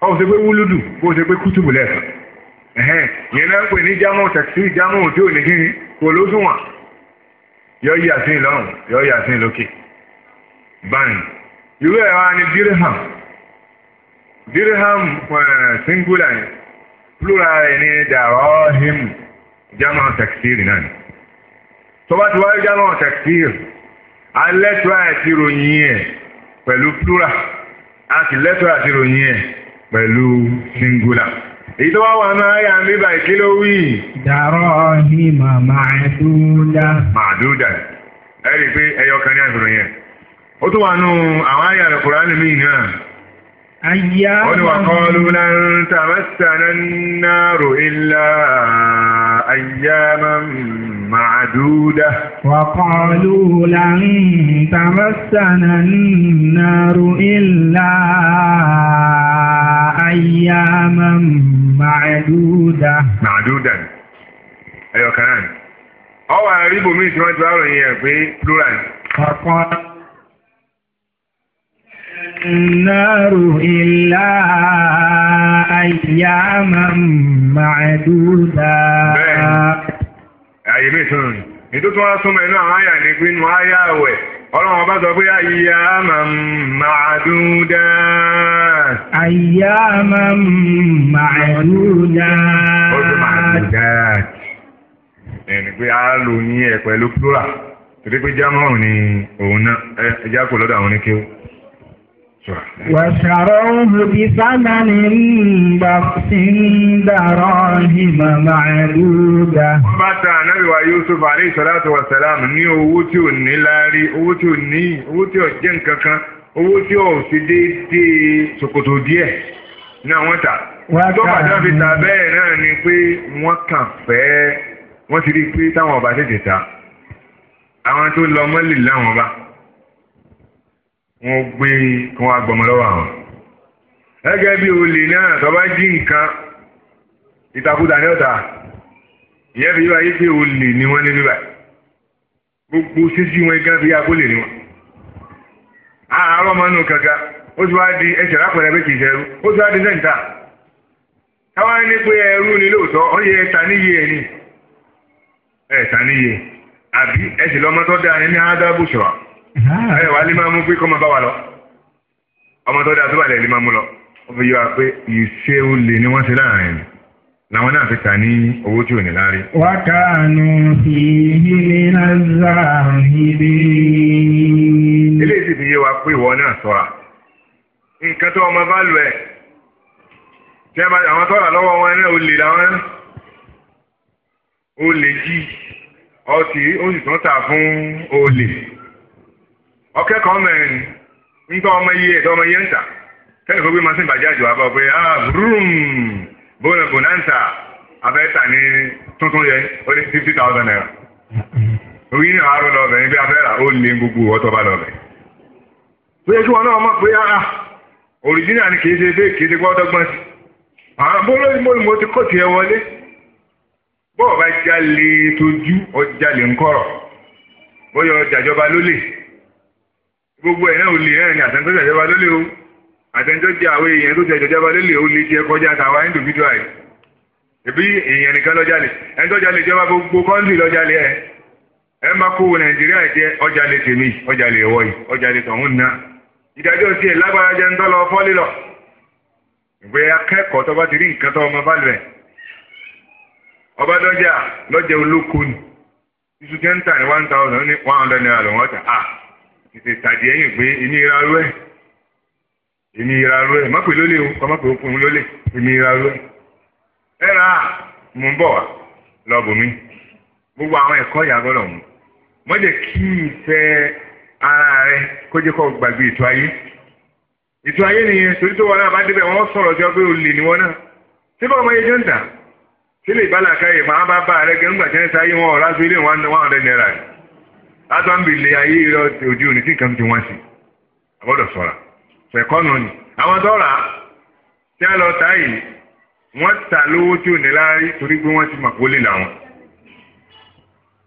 Speaker 2: ó ṣe pé wúlùdù ó ṣe pé kútùbù lẹ́ẹ̀kan yẹn náà ń pè ní jámù tàkìtì jámù o ò ní kí ni kò lóṣùwọ̀n yọ yà sí lọ́rùn yọ yà sí lókè báyìí irú ẹ̀ wá ní dirham dirham eh, singular yẹn plural rẹ̀ ní darahim german taxir náà ni tó bá ti wáyé german taxir alẹ́tọ́ àti ròyìn ẹ̀ pẹ̀lú plural àti lẹ́tọ́ àti ròyìn ẹ̀ pẹ̀lú singular èyí tó wá wà náà yà ń bíbà kí ló wí. dàrọ́ ìmọ̀ màdúdà. màdúdà ẹ rí i pé ẹyọ kan ní àgbèrò yẹn ó tún wà nù àwọn àyà rẹ̀ Kùránì míì náà. ayá wọn ni wà kọ́lu lan tamassana an-naru illa ayyaman معدودة وقالوا
Speaker 4: لن تمسنا النار إلا
Speaker 3: أياما معدودة
Speaker 2: معدودة أيوة كلام أو أريب من سمعة بارو هي في بلوران وقال النار
Speaker 4: إلا أياما
Speaker 2: معدودة àyè mi tún ni ètò tí wọ́n súnmọ́ inú àwọn àyà ní pé inú àyà wẹ̀ ọlọ́run ọba sọ pé àyà máa ń máa dún dáa. àyà máa ń máa dún dáa. ẹni pé a lò ní ẹ̀
Speaker 3: وشروه بثمن بخس دراهم معدودة
Speaker 2: bàtà ànábì wa Yusuf alayhi salatu wa salam ní owó tí ò ní láárí owó tí ò ní owó tí ò jẹ́ nǹkan kan owó tí ò sí déédéé ṣòkòtò díẹ̀ náà wọ́n tà tó bàtà fi tà bẹ́ẹ̀ náà ni pé wọ́n kàn fẹ́ wọ́n ti rí i pé táwọn ọba tètè ta àwọn tó lọ mọ́lì láwọn ọba. wọn gbé kí wọ́n agbọmọ lọ́wọ́ àwọn. gẹ́gẹ́ bí olè náà tó bá jí nǹkan ìtakùdà ní ọ̀tà fi báyìí pé olè ni wọ́n ní bíbá gbogbo sísí wọn gán fi agbólè ni wọn. àárọ̀ máa ń nù kankan ó ti wá di ẹsẹ̀ lápẹ̀rẹ̀ pé kì í ó ti wá di sẹ́ńtà ní pé ẹrú ni lóòótọ́ ó yẹ níye níye àbí dáa ní Ah, ẹ wà lè máa mú pé kọ́ máa bá wa lọ ọmọ tó dáa tó bá lẹ̀ lè máa mú lọ ó fi yọ wa pé ìṣe olè ni wọ́n ṣe láàrin làwọn náà fi tà ní owó tí ò ní láre.
Speaker 3: wákàánù ìhí ní nàzàrán ìbí.
Speaker 2: eléyìí sì fi yé wa pé ìwọ náà ṣọ́ra nǹkan tó ọmọ bá lù ẹ tí àwọn tó rà lọ́wọ́ wọn náà olè làwọn olè jí ọtí ó sì tún tà fún olè ọ̀kẹ́kọ̀ọ́ mẹ́rin ní ntọ́ ọmọ iye ẹ̀tọ́ ọmọ iye ń tà kẹ́lẹ̀ kó gbé masin bàjẹ́ àjò àbọ̀ pé ah vroom bọ́ọ̀nà bonanza abẹ́ta ní tuntun yẹn ó ní fifty thousand naira orí ní àárọ̀ lọ́bẹ̀ ní bí abẹ́rà ó lé gbogbo ọ̀tọ̀ bá lọ́bẹ̀ bóyá kí wọn náà mọ̀ pé ah, ah original ni kìí ṣe bẹ́ẹ̀ kìí ṣe gbọ́dọ̀ gbọ́n sí àwọn bọ́ọ̀lù mọ́lù mo ti kó tiẹ̀ wọlé bọ́ọ̀ bá jalè tójú ọjà lè ń kọ̀rọ̀ bóyá ọjà ìjọba ló lè gbogbo ẹ̀ náà ò lè náà ni ìjọba o àtẹnudọ́ jẹ àwọn èèyàn tó jẹ ìjọba ló o lè jẹ kọjá tàwa individual èèyàn nìkan lọ́jàlè ìjọba gbogbo kọ́ńtì lọ́jàlè ẹ ẹ má kó wo nàìjíríà jẹ ọjàlè tèmi ọjàlè ẹ̀wọ̀ yìí ọjàlè tọ̀hún nà. ìdájọ́ tiẹ̀ lágbára tètè tàdí ẹyìn pé èmi ra rú ẹ̀ èmi ra rú ẹ̀ mọ́pẹ́ lólè o kọ́ mọ́pẹ́ okùn lólè èmi ra rú ẹ̀ ẹ̀ ra ń bọ̀ wá gbogbo àwọn ẹ̀kọ́ ìyá gbọ́dọ̀ mú ara rẹ kó jẹ́ kó gbàgbé ètò ayé ètò ayé nìyẹn torí tó wọn náà bá débẹ̀ wọ́n sọ̀rọ̀ jọ pé olè ni náà ṣé jẹ́ ń tà máa bá bá rẹ tí wọ́n sáyé wọn látọ́nbìlẹ̀ ayé irọ́ ti ojú òní tí nǹkan ti wọ́n sí àbọ̀dọ̀ sọ̀ra fẹ̀kọ́nù ni àwọn tó rà á tí a lọ ta yìí wọ́n ta lówó tí ò ní láárí torí pé wọ́n ti mà kó lè làwọn.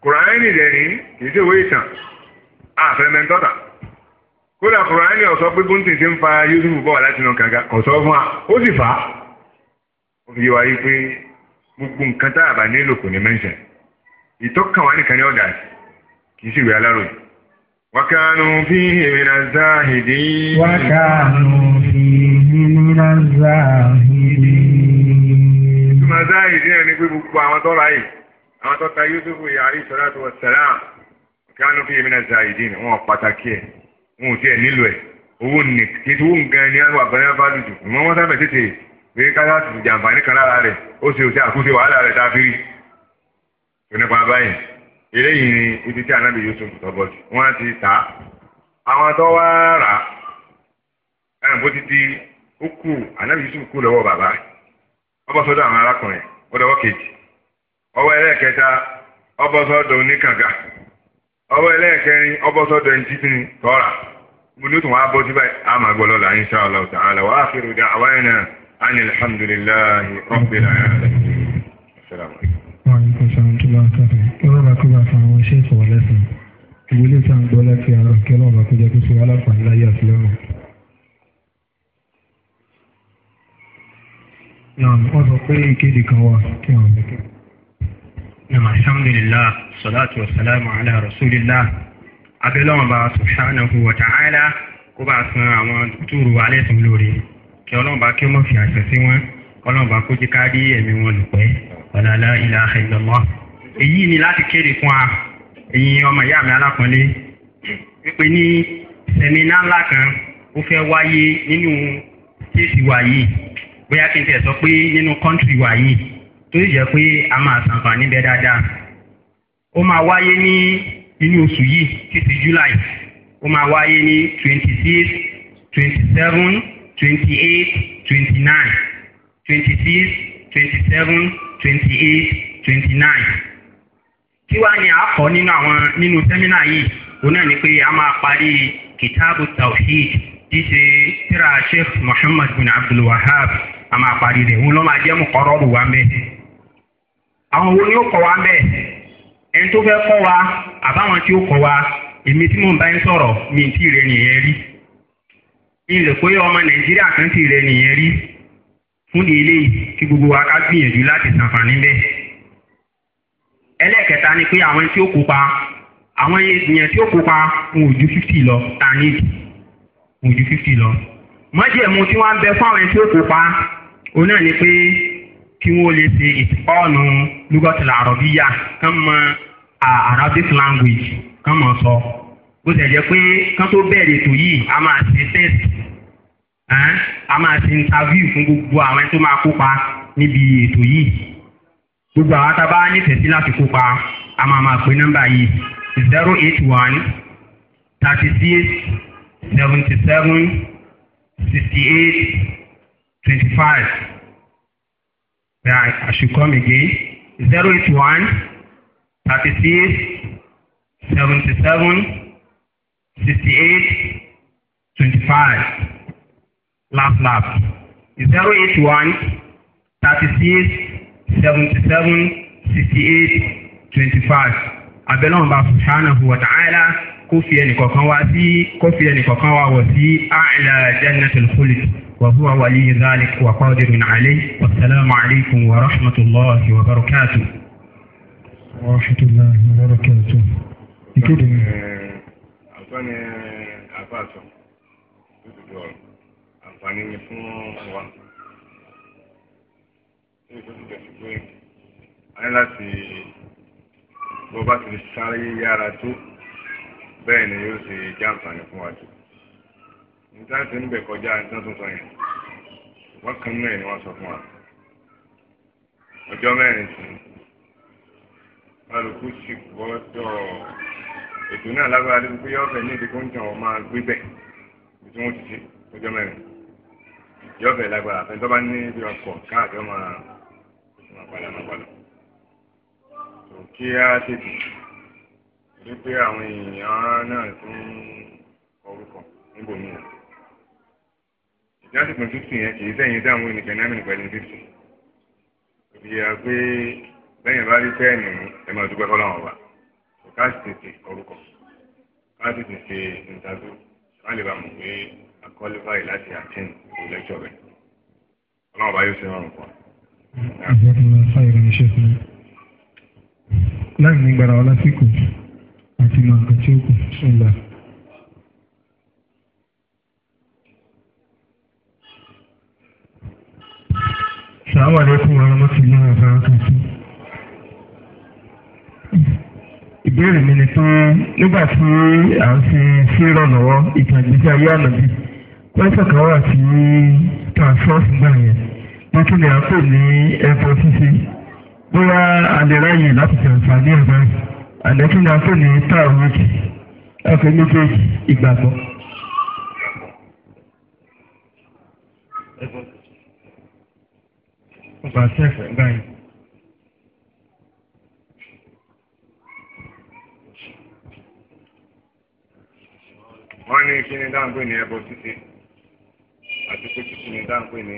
Speaker 2: kùránì rẹ̀ ní kìí ṣe ìwé ìtàn àfẹnẹ́ntọ́ta kódà kùránì ọ̀sọ́ pé bóńtì ti ń fa Yúsúfù bọ̀ láti nà kàga kò fún wa ó sì fà á. ó fi yé wa yí pé gbogbo nǹkan tá a bá nílò kò ní mẹ́ńṣẹ̀ ìtọ́kàn wa nìkan ní ọ̀dà sí kìí sì rí aláròyìn wákàánù fi ìrìnà záàhìdì wákàánù
Speaker 1: fi
Speaker 3: ìrìnà záàhìdì
Speaker 2: ìtumọ̀ záàhìdì náà ní pé gbogbo àwọn tọ́ra yìí àwọn tọ́ta Yúsúfù yàrí sọ́dọ̀tù wọ̀sẹ̀lá wákàánù fi ìrìnà záàhìdì ni wọ́n pàtàkì ẹ̀ wọn ò tiẹ̀ nílò ẹ̀ owó nì kí owó nǹkan ni wà bẹ́ẹ̀ bá lùjù ìmọ̀ wọn sábẹ̀ tètè pé káyà tìjàǹfà ní kan lára rẹ̀ ó ṣe òṣè àkúṣe wàhálà rẹ̀ tá a fi rí. eléyìí ni ibi tí anabi Yusuf tọ́gbọ́ sí wọ́n ti tà àwọn tó wá rà á ó Yusuf kú lọ́wọ́ bàbá ọbọ̀ sọ́dọ̀ àwọn arákùnrin ó dọwọ́ kejì ọwọ́ ẹlẹ́ẹ̀kẹta ọbọ̀ sọ́dọ̀ oníkànga ọwọ́ ẹlẹ́ẹ̀kẹrin ọbọ̀ sọ́dọ̀ ẹni títí mo ní tún wá
Speaker 1: ìwé bá kó bá fa àwọn iṣẹ́ ìfọwọ́ lẹ́sìn ìwé lè sàn gbọ́ láti ara kí ọlọ́run bá kó jẹ́ kó fi wá láǹfààní láyé àti lọ́rùn. Naam, wọ́n sọ pé ìkéde kan wà kí wọ́n bẹ̀kẹ́.
Speaker 4: Naam, alhamdulillah, salatu wa salamu ala rasulillah. Abẹ́lọ́wọ̀n bá subhanahu wa ta'ala kó bá san àwọn dókítàrù wa lẹ́sùn lórí kí ọlọ́run bá kí ó mọ̀ fi àṣẹ sí wọn ọlọ́run bá kó jẹ́ ká rí ẹ̀mí wọn lùpẹ́ ọ̀làlá ilaha illallah èyí ni láti kéde fún wa ẹ̀yin ọmọ ìyá mi alákùnrin wípé ní sẹ́mínà ńlá kan ó fẹ́ wáyé nínú kéèsì wa yìí bóyá kí n tẹ̀ sọ pé nínú kọ́ńtì wa yìí tó sì jẹ́ pé a máa ṣàǹfààní bẹ́ẹ̀ dáadáa ó máa wáyé ní inú oṣù yìí títí July ó máa wáyé ní twenty six twenty seven twenty eight twenty nine twenty six twenty seven twenty eight twenty nine kí wàá ní àkọ́ nínú àwọn nínú sẹ́mínà yìí òun náà ni pé a máa parí kìtàbù tawhid tí ṣe tíra sheikh muhammad bin abdul wahab a máa parí rẹ̀ òun ló máa jẹ́ mọ̀kọ́rọ́rù wa mẹ́. àwọn wo ni ó kọ́ wa mẹ́ ẹni tó fẹ́ kọ́ wa àbáwọn tí ó kọ́ wa èmi tí mò bá ń sọ̀rọ̀ mi ti rẹ̀ nìyẹn rí ilẹ̀ pé ọmọ nàìjíríà kan ti rẹ̀ nìyẹn rí fún ilé kí gbogbo wa ká gbìyànjú láti ṣàǹfààní bẹ́ẹ̀ ẹlẹ́ẹ̀kẹta ni pé àwọn tí ó kópa àwọn èèyàn tí ó kópa ń ojú fifty lọ ta ní ìdí ń ojú fifty lọ májẹ̀mú tí wọ́n á bẹ fún àwọn tí ó kópa òun náà ni pé kí wọ́n lè ṣe ìtìpọ́ọ̀nù lúgọ́tìlà àrọ̀bíyà kán mọ arabic language kán mọ̀ sọ bó ṣe jẹ́ pé kán tó bẹ̀rẹ̀ ètò yìí a máa ṣe test a máa ṣe interview fún gbogbo àwọn tó máa kópa níbi ètò yìí gbogbo àwọn tábà nífẹ̀ẹ́ sí láti kópa a máa máa pè nọ́mbà yìí zero eight one thirty six seventy seven sixty eight twenty five right I should come again zero eight one thirty six seventy seven sixty eight twenty five last lap zero eight one thirty six seventy seven sixty eight twenty five abẹ́lẹ́ wọn bá subhanahu wa ta'ala kó fi ẹnì kọ̀ọ̀kan wá sí kó fi ẹnì kọ̀ọ̀kan wá wọ̀ sí a'la jannatul khuld wa huwa waliyyu dhalik wa qadirun alayhi àǹfààní
Speaker 2: ni fún wa ayé láti bó bá ti sáré yára tó bẹ́ẹ̀ ni yóò ṣe jàǹfààní fún wa tó níta ti ń bẹ̀ kọjá níta tó sọ yẹn wọ́n kan náà ni wọ́n sọ fún wa ọjọ́ mẹ́rin sí alùpùpù sì gbọ́dọ̀ ètò náà lágbára lé pé yọ̀ọ̀fẹ́ ní ìdíkó ń tàn ọ́ máa gbé bẹ̀ tí wọ́n ti ṣe ọjọ́ mẹ́rin yọ̀ọ̀fẹ́ lágbára fẹ́ntọ́ bá ní ibi ọkọ̀ káàkiri máa máa padà máa padà kí á tètè wípé àwọn èèyàn náà tún orúkọ níbòmíràn ìdásìkò fífì yẹn kì í sẹ́yìn dáhùn ẹnìkan náà mìíràn pẹ̀lú fífì òbí yà pé bẹ́yìn bá rí fẹ́ẹ̀nì mú ẹ máa dúpẹ́ fọlọ́wọ́n wa ká sì tètè orúkọ ká sì tètè ìtàdó ká lè bá mọ̀ pé akọ́lé báyìí láti àtẹ́ǹ kò rẹ̀ ọlọ́wọ́n bá yóò ṣe rọrùn fún wa
Speaker 1: àbọ̀dúnlá sáyẹ̀rẹ̀ ní ṣẹ́fúnni láì ní gbàrà ọlásìkò àti màǹkà tí ó kù ṣùgbà. sàáwà lẹ́kùn wọn lọ́mọ ti yára sára tuntun. ìbéèrè mi ni pé nígbà tí a ń ṣe ṣírọ̀ lọ́wọ́ ìtàgbéjà yánà bí pẹ́sẹ̀ kan wà sí transfers gbà yẹn tuntun ni a pè ní ẹ̀fọ́ ṣíṣe bóyá àlèrà yìí láti ṣe àǹfààní ẹ̀fọ́ àlẹ́kí ni a pè ní táwọ̀kì ẹ̀fọ́ méjèèjì ìgbàgbọ́. ọba sẹ́fẹ̀ báyìí.
Speaker 2: wọ́n ní kí ni dáńgbé ní ẹbọ títí àti pé ni dáńgbé ní.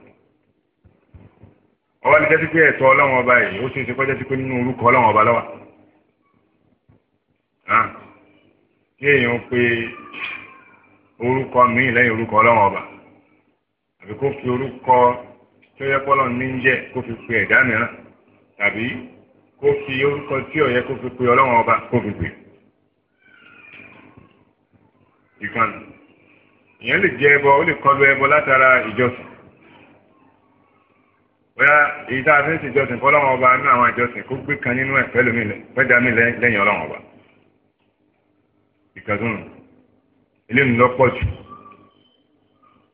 Speaker 2: ọwọ́ ni jẹ́sí pé ẹ̀tọ́ ọlọ́run ọba yìí ó ṣeé ṣe kọjá sí pé nínú orúkọ ọlọ́run ọba lọ́wọ́ kí èèyàn pe orúkọ míì lẹ́yìn orúkọ ọlọ́run ọba àbí kó fi orúkọ tó yẹ pọ́lọ́ ní ń jẹ́ kó fi pe ẹ̀dá mìíràn tàbí kó fi orúkọ tí ò yẹ kó fi pe ọlọ́run ọba kó fi pe ìkànnì ìyẹn lè jẹ ẹbọ ó lè kọlu ẹbọ látara ìjọsìn bóyá èyí tá a fi ń ṣèjọsìn fọlọ́wọ́n ọba nínú àwọn àjọsìn kó gbé kan nínú ẹ̀ pẹ́lú mi pẹ́jà mi lẹ́yìn ọlọ́wọ́n ọba ìkàdùn eléyìí lọ pọ̀ jù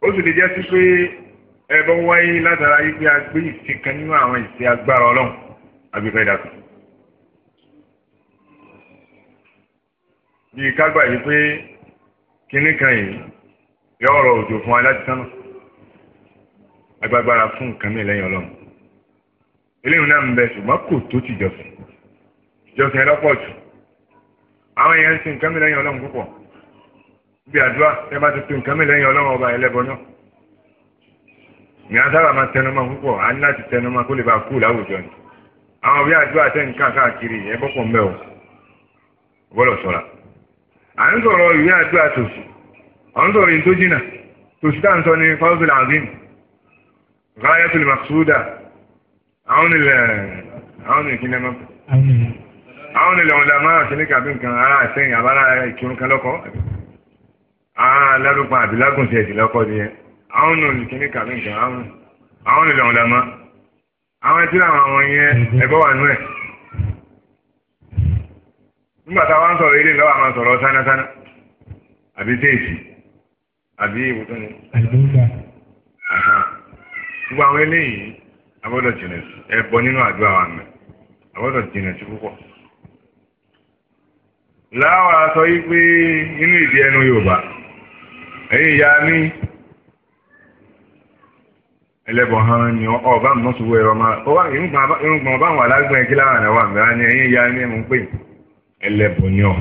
Speaker 2: ó sì lè jẹ́ sí pé ẹbọ wáyé látara yìí pé a gbé ìṣe kan nínú àwọn ìṣe agbára ọlọ́run agbèfẹ́ dàtọ̀ bí kágbà yìí pé kinní kan yìí yọ ọ̀rọ̀ òjò fún wa láti tán náà agbágbára fún nǹkan mi lẹ́yìn ọlọ́run eléyìí náà ń bẹ ṣùgbọ́n kò tó ti jọsìn jọsìn ẹlọ́pọ̀ jù àwọn èèyàn ń sin nǹkan mi lẹ́yìn ọlọ́run púpọ̀ bí àdúrà ẹ bá ti pe nǹkan mi lẹ́yìn ọlọ́run ọba ẹlẹ́bọ náà ní asábà máa tẹnumọ́ púpọ̀ á ní láti tẹnumọ́ kó lè bá kú láwùjọ ni àwọn bí àdúrà tẹ̀ ń káàkiri ẹ bọ́pọ̀ ń bẹ̀ o gbọ́dọ̀ sọ̀ra à ń sọ̀rọ̀ ìwé àdúrà tòsí à ń sọ̀rọ̀ ìyìn tó jìnà tòsí ń sọ ní fáwọ́sì làǹzíìmù غاية المقصودة عون ال عون كنا ما عون العلماء كنا كابين كان آه سين عبارة كيون كان لقوا آه لا ربما بلا كون سيد لقوا دي عون كنا كابين كان عون عون العلماء عون tí làwọn àwọn yẹn ẹgbọ́ wà nú ẹ̀ nígbà táwọn ń sọ̀rọ̀ ilé lọ́wọ́ àwọn sọ̀rọ̀ sánásáná àbí téèkì àbí ìwòtọ́ gbogbo àwọn eléyìí àbọ̀dọ̀ jìnà sí ẹbọ nínú àdúrà wa mẹ́ àbọ̀dọ̀ jìnà sí púpọ̀ láwa sọ yí pé inú ìdí ẹnu Yorùbá ẹ̀yìn ìyá ní ẹlẹ́bọ̀ hàn ni ọba mọ̀ sọ wẹ̀rọ máa ọba ìrùngbọ̀n ọba àwọn alágbọ̀n ẹ̀kí láwọn àdáwà mẹ́ra ni ẹ̀yìn ìyá ní ẹ̀mú pé ẹlẹ́bọ̀ ni ọ̀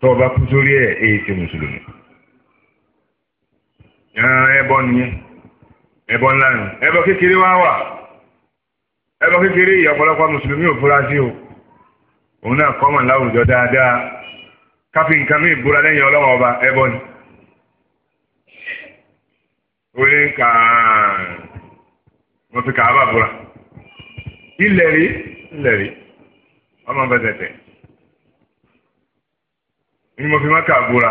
Speaker 2: tó ọba kú sórí ẹ̀ èyí ti mùsùlùmí ẹ̀rọ ẹbọ nìyẹn ẹbọ ńlá nù ẹbọ kékeré wá wà ẹbọ kékeré yìí ọ̀pọ̀lọpọ̀ mùsùlùmí o òun náà kọ́mọ̀ láwùjọ dáadáa káfí nǹkan mí ìbúra lẹ́yìn ọlọ́wọ́ ọba ẹbọ ni. orí ń kà án mo fi kà á bà búra ilẹ̀ rí ilẹ̀ rí mo fi má kà á búra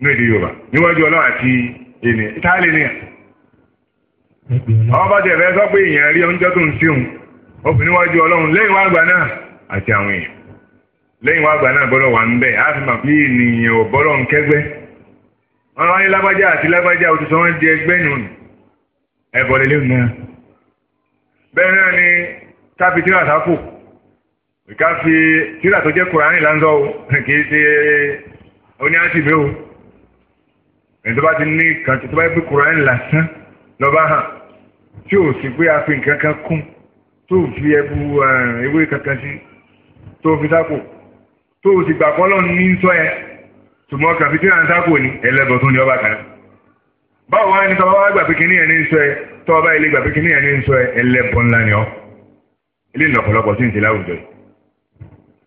Speaker 2: n'oge èdè yorùbá níwájú ọlọ́run àti ènìyàn ìtàlẹ̀ nìyà. àwọn bá tẹ̀fẹ́ sọ pé èèyàn rí oúnjẹ tó ń síhun ó níwájú ọlọ́run lẹ́yìn wá àgbà náà àti àwọn èèyàn lẹ́yìn wá àgbà náà gbọ́dọ̀ wà ń bẹ̀ á fi mà bí ènìyàn ò bọ́lọ̀ ń kẹ́gbẹ́. wá ní lágbájá àti lágbájá sọ di ẹgbẹ́ ẹ̀bọ̀ náà. bẹ́ẹ̀ náà ni káfi tíra sáfù káfi tíra ẹ̀tọ́ bá ti ní kan tó bá yẹ pé kùránì lásán lọ́ba hàn tí ò sì pé a fi nǹkan kan kún tó fi ẹbu ewé kankan sí tó fi sápò tó sì gbà kọ́ lọ́nù ní sọ ẹ ṣùgbọ́n kàfi tí à ń sápò ní ẹlẹ́bọ̀ tó ní ọba kan báwo wá ní tọ́ba wá gbà pé kíní ẹ̀ ní sọ ẹ tọ́ba ilé gbà pé kíní ẹ̀ ní sọ ẹ ẹlẹ́bọ̀ ńlá ni ọ́ ilé ìlọ̀pọ̀lọpọ̀ sí ìṣẹ̀lẹ̀ àwùjọ yìí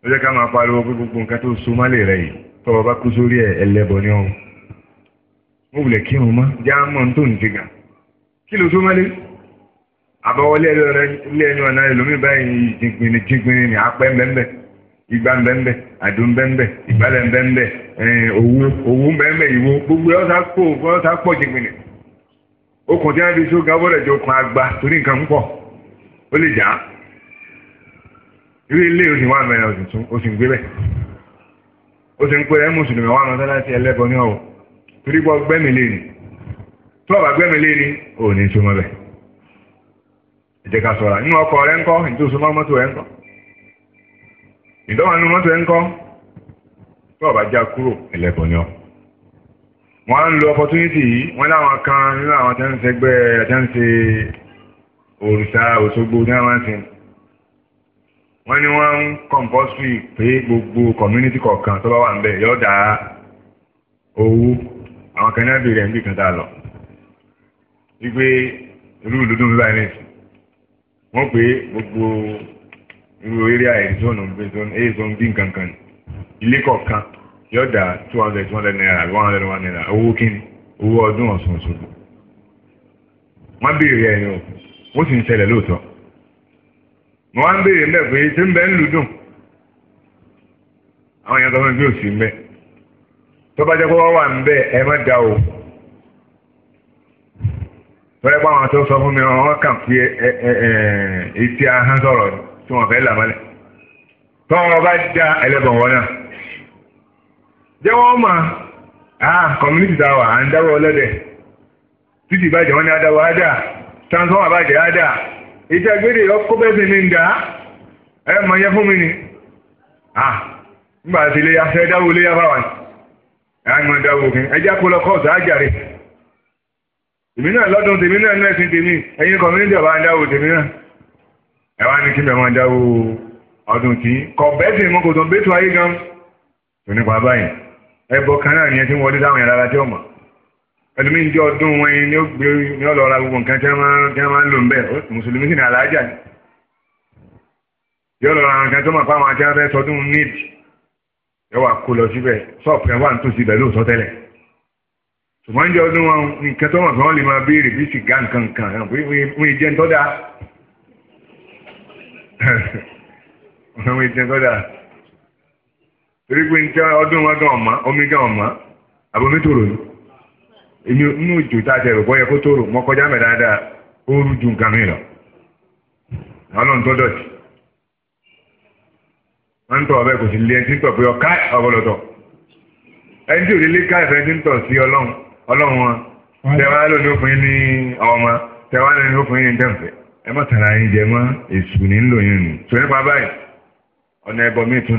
Speaker 2: ó jẹ́ ká máa pariwo gbogbo nǹkan tó so málè rẹ̀ yìí tọ́ba bá kú sórí ẹ̀ ẹlẹ́bọ̀ ní ọ̀hún mo kí wọn mọ́ já mọ́ tó ń diga kí ló tó mọ́lé àbáwọlé ilé ẹni ọ̀nà ẹlòmíì báyìí jìngbìnì jìngbìnì ní apẹ mbẹ́mbẹ́ ìgbà mbẹ́mbẹ́ àdó ìgbàlẹ̀ owó owó gbogbo ẹ̀ pọ̀ pọ̀ okùn tí fi agba torí nǹkan ń pọ̀ ó lè jà irú ilé tún ń gbé bẹ́ẹ̀ ń torí pọ̀ gbẹ́mi lé ni tó ọ̀bà gbẹ́mi ni ò ní súnmọ́ bẹ̀ ẹ jẹ́ ká nínú ọkọ̀ rẹ ńkọ́ ìtòsúnmọ́ mọ́tò rẹ ńkọ́ ìdánwò nínú mọ́tò rẹ ńkọ́ tó já kúrò ẹlẹ́bọ̀ ni ọ wọ́n á ń lo opportunity yìí wọ́n gbogbo community kọ̀ọ̀kan tó bá wà ń bẹ̀ àwọn kan náà bèèrè ẹ̀mí kan tá a lọ wípé irú ìlúdún bíbá ẹni sí wọ́n pé gbogbo irú eré àìsàn èèzọ́n bí nǹkan kan ilé kọ̀ọ̀kan yóò dá two hundred two hundred naira one hundred one naira owó kíni owó ọdún Ọ̀ṣun Òṣogbo wọ́n bèèrè ẹ̀yìn o ó sì ń ṣẹlẹ̀ lóòótọ́ wọ́n wá ń bèèrè mbẹ́ pé ṣé ń bẹ́ ń lùdùn àwọn èèyàn tó fẹ́ gbé òsì mbẹ́ tó bá jẹ́ pé wọ́n wà ń bẹ̀ ẹ má da o tọ́lẹ́ pa àwọn tó sọ fún mi wọ́n kàn fi etí ahọ́n sọ̀rọ̀ tí wọ́n fẹ́ là mọ́lẹ̀ tọ́wọ́n bá da ẹlẹ́bọ̀n wọn náà jẹ́ wọ́n mọ̀ ah community ta wà à ń dáwọ́ ọlọ́dẹ títí ìbàjẹ́ wọn ni adáwọ́ á dà transformer bàjẹ́ á dà ìjà gbére ọkọ bẹ́ẹ̀ sì ni ń dà ẹ mọ̀ yẹ fún mi ni ah nígbà tí ilé yá fẹ́ dáwọ́ ilé yá bá wà àmọ́ dáwọ́ ògùn ẹjẹ́ àpòlọ kọ́ọ̀tù ájàre èmi náà lọ́dún tèmi náà ní ẹ̀sìn tèmi ẹ̀yin kọ̀míníìtì ọ̀bá dáwọ́ tèmi náà ẹ̀wá ní kí mẹ́wọ́n dáwọ́ ọdún tí kọ̀bẹ́sì mú kò bẹ́tù ayé gan tó nípa báyìí kan náà nìyẹn tí tí ọmọ ń ọdún wọn ni ó gbé ní gbogbo nǹkan tí wọ́n máa ń lò mùsùlùmí sì ní ẹ wà kó lọ síbẹ̀ ṣọ́ọ̀pù ẹ wà lóòótọ́ tẹ́lẹ̀ ṣùgbọ́n ní ọdún wọn nǹkan tó wọn fẹ́ wọn lè máa béèrè bí sìgá nǹkan kan jẹ́ ń torí pé nǹkan ọdún wọn gan omi gan àbomi ìjò tá a ti rò bọ́yẹ kó tòrò mọ́ dáadáa ó nǹkan mi lọ wọ́n ń tọ̀ ọ̀bẹ kò sí lé ẹni tí ń tọ̀ pé ọ̀ká ẹni tí ò lè ká ìfẹ́ tí ń sí ọlọ́run ọlọ́run wọn tẹ̀wá lónìí òfin ní ọmọ tẹ̀wá lónìí òfin ní ẹ yín jẹ ní nù tó nípa báyìí ọ̀nà ẹbọ tún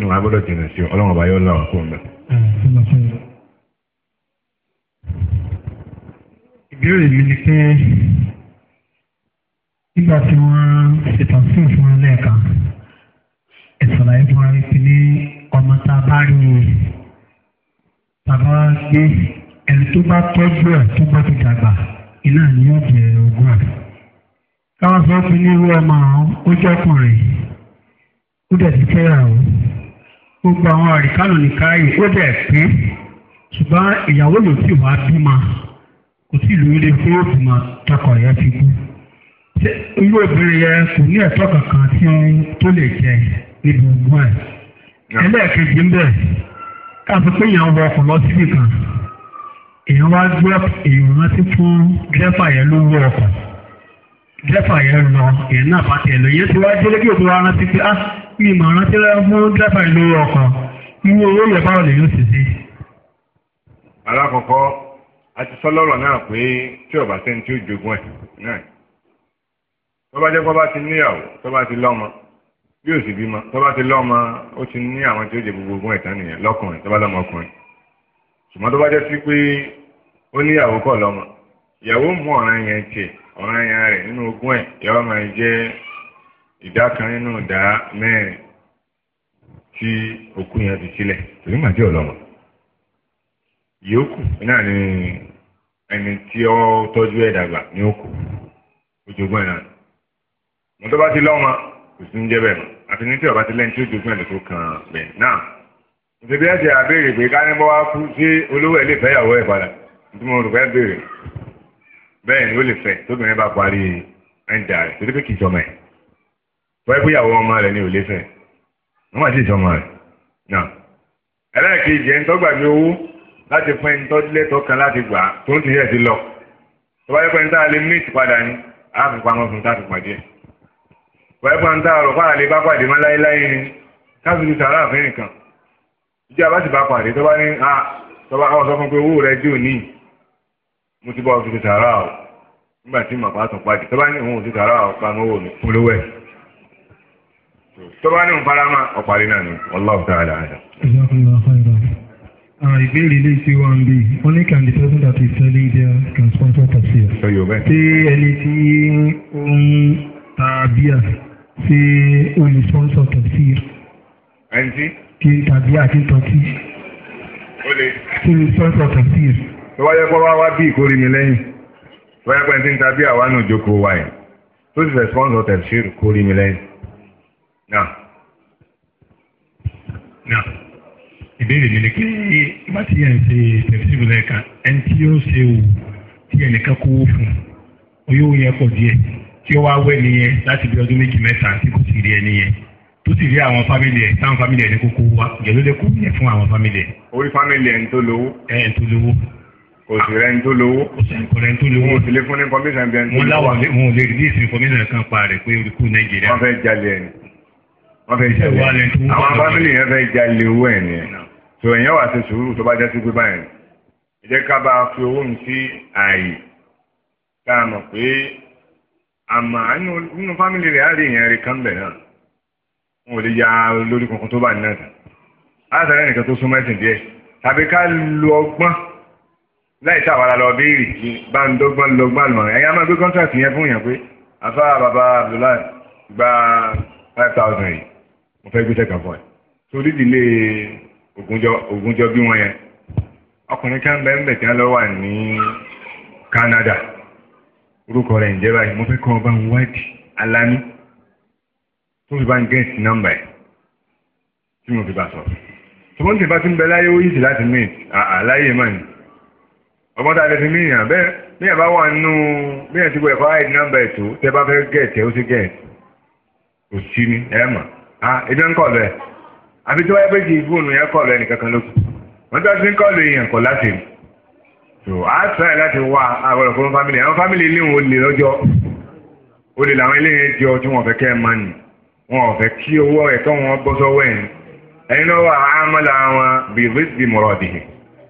Speaker 1: nù fún ìsọ̀láyé fún ara ti ní ọmọ tá a bá rí i bàbá gbé ẹni tó bá tọ́jú ẹ̀ tó bá ti dàgbà iná ni yóò jẹ ogún ẹ̀. káwọn sọ pé ní irú ọmọ àwọn ó jẹ́ ọkùnrin ó dẹ̀ ti fẹ́yàwó gbogbo àwọn àríkánù nìkáyì ó dẹ̀ pé ṣùgbọ́n ìyàwó yóò sì wá bímọ kò sí ìlú ilé fún òbímọ tọkọ yẹn fi kú. irú obìnrin yẹn kò ní ẹ̀tọ́ kankan tí ó lè jẹ ní gbogbo ẹ̀. ẹlẹ́ẹ̀kejì ń bẹ̀ káàtó pé èèyàn wọ ọkọ̀ lọ síbì kan èèyàn wá gbé èèyàn rántí fún dẹ́fà yẹn ló wọ ọkọ̀ dẹ́fà yẹn lọ èèyàn náà bá tẹ̀ lọ yẹn ti wá délé kí òkú wa rántí pé ah mi mà rántí rẹ fún dẹ́fà yẹn ló wọ ọkọ̀ irú owó yẹn báwo lè yóò sì sí.
Speaker 2: alákọ̀ọ́kọ́ a ti sọ lọ́rọ̀ náà pé tí ọ̀bà sẹ́ni tí ó jogún ẹ̀ náà tó bá jẹ́ pé ọba bí òsì bímọ tó bá ti lọ́mọ ó ti ní àwọn tí ó jẹ gbogbo ogún ẹ̀tàn nìyẹn lọ́kùnrin tọba bá ọkùnrin ṣùgbọ́n tó bá jẹ́ sí pé ó ní ìyàwó kọ̀ lọ́mọ ìyàwó mú ọ̀ràn yẹn ọ̀ràn yẹn rẹ̀ nínú ogún ẹ̀ ìyàwó máa jẹ́ ìdá ti kò sí àfi ní tí ọba ti lẹ́yìn tí ó dogun ẹ̀lẹ́ tó kàn bẹ̀ náà ìṣèbí ẹ̀ṣẹ̀ àbèrè pé káníbọ̀ wá kú sí olówó ẹ̀ lè fẹ́ ìyàwó ẹ̀ padà nítorí mo rò fẹ́ bèrè bẹ́ẹ̀ ni ó lè fẹ́ tóbìnrin bá parí ẹ̀ńdà rẹ̀ torí pé kì í jọmọ ẹ̀ fọ́ ẹ̀kú ìyàwó ọmọ rẹ̀ ni ò lè fẹ́ wọ́n má sì jọmọ rẹ̀ náà ẹlẹ́ẹ̀kejì ẹ̀ ń tọ́gbà mi owó láti fún ẹni tọ́lẹ́tọ́ kan láti gbà tó ń ti yẹ̀ sí lọ tó wáyé pé lè mí ìtìpadà ni á fún tá a fi pàdé ẹ̀ wẹ́pọ̀ ń tá ọ̀rọ̀ fáà lè bá pàdé mọ́ láéláé ni káàsì ti sàárà fún nìkan ìjọ sì bá pàdé tó bá ní à tó bá káwọn sọ fún pé owó rẹ dì òní mo ti bọ́ ọ̀sùn ti o nígbà tí màá bá tún pàdé tó bá ní òun ò ti o pa mọ́ owó mi ẹ̀ tó bá ní òun fara mọ́ náà ni Allahu ta'ala àdá.
Speaker 1: Ìbéèrè ilé tí wọ́n ń bí, wọ́n can the person that is selling there can sponsor tafsir.
Speaker 2: Ṣé ẹni tí ó ń ta bíà
Speaker 1: ṣé o lè sponsor tẹ̀síìr. ẹnití. kí tàbí àkíntọ́tì. o lè. kí ni sponsor tẹ̀síìr.
Speaker 2: tó wáyé pé wá wá bí ìkórè mi lẹ́yìn tó wáyé pé ní ti ń tàbí àwa náà jókòó wáyé tó sì fẹ́ sponsor tẹ̀síìr kórè mi lẹ́yìn. náà.
Speaker 1: náà ìbéèrè mi ni pé nígbà tí yẹn ṣe tẹ̀síìr lẹ́ẹ̀kan ẹni tí yóò ṣe wò tí ẹnìkan kówó fún
Speaker 4: un yóò yẹ pọ̀ díẹ̀ tí ó wá wẹ̀ nìyẹn láti bí ọdún méjì mẹ́ta tí kò sì rí ẹni yẹn tó sì rí àwọn fámìlì ẹ̀ táwọn fámìlì ẹ̀ ní kókó wa ìjẹ́ ló lè kó yẹ fún àwọn fámìlì ẹ̀.
Speaker 2: orí fámìlì ẹ̀ ń tó lówó. ẹ̀ ń tó lówó. kò ń tó lówó. kò ń tó lówó. mo sì fún ní kọmíṣàn bí ẹni tó lówó. mo láwọn mo lè rí ìsìn kọmíṣàn kan pa rẹ̀ pé olùkú nàìjíríà. wọ́n fẹ́ jalè ẹ̀ ni. wọ́n fẹ́ jalè ẹ̀ ni. àwọn fámìlì ni. sòyìn wà ṣe sùúrù tó bá jẹ́ sí pé báyìí. ìjẹ́ ká bá fi owó mi sí àyè tá a mọ̀ pé àmọ́ nínú fámìlì rẹ̀ á rí èèyàn rẹ̀ kan bẹ̀ náà wọn ò lè ya lórí kankan tó bá ní náà látàrí ẹnìkan tó súnmọ́ ẹ̀sìn díẹ̀ tàbí ká lo ọgbọ́n láì sàwárà lọ béèrè bá ń dọ́gbọ́n lọ́gbọ́n lọ ẹ̀yà máa gbé kọ́ńtàkì yẹn fún yàn pé afá bàbá Abdullahi gba five thousand yìí mo fẹ́ gbé sẹ́kàn fún ẹ̀ torí ìdílé ògúnjọ bí wọ́n yẹn ọkùnrin kan bẹ́ẹ̀ ń bẹ̀ tí wọ́n lọ wà ní Canada orúkọ rẹ̀ ń jẹ́ báyìí mo fẹ́ kọ́ ọba ń wádìí alámi tó fi bá ń gẹ́ẹ̀tì nọ́mbà ẹ̀ tí mo fi bá sọ. tọ́wọ́n ti bá ti ń bẹ láyé ó yìí láti mí àláyé mà ní. ọmọdé àti ẹ̀sìn mìíràn bẹ́ẹ̀ bí ẹ̀ bá wà nínú bí ẹ̀ ti wọ ẹ̀kọ́ àìdí nọ́mbà ẹ̀ tó tẹ́ bá fẹ́ gẹ́ẹ̀tì ẹ̀ ó sì gẹ́ẹ̀tì kò sí ni ẹ̀ mà á ebi ń kọ̀ lọ ẹ̀ àfi tí wọ́n yẹ pé kì í fóònù yẹn kọ̀ lọ ẹnì lókù wọ́n ti wá sí ń kọ̀ lọ èèyàn kọ̀ láti rí so a try wa wá àgbọ̀dọ̀ fún family àwọn family ilé wọn lè lọ́jọ́ ó lè làwọn wọn fẹ́ kẹ́ ẹ máa wọn ò fẹ́ kí owó ẹ̀tọ́ wọn bọ́ sọ́wọ́ ẹ̀ ẹ̀yin wọn bí rìsì mọ̀rọ̀ dìhe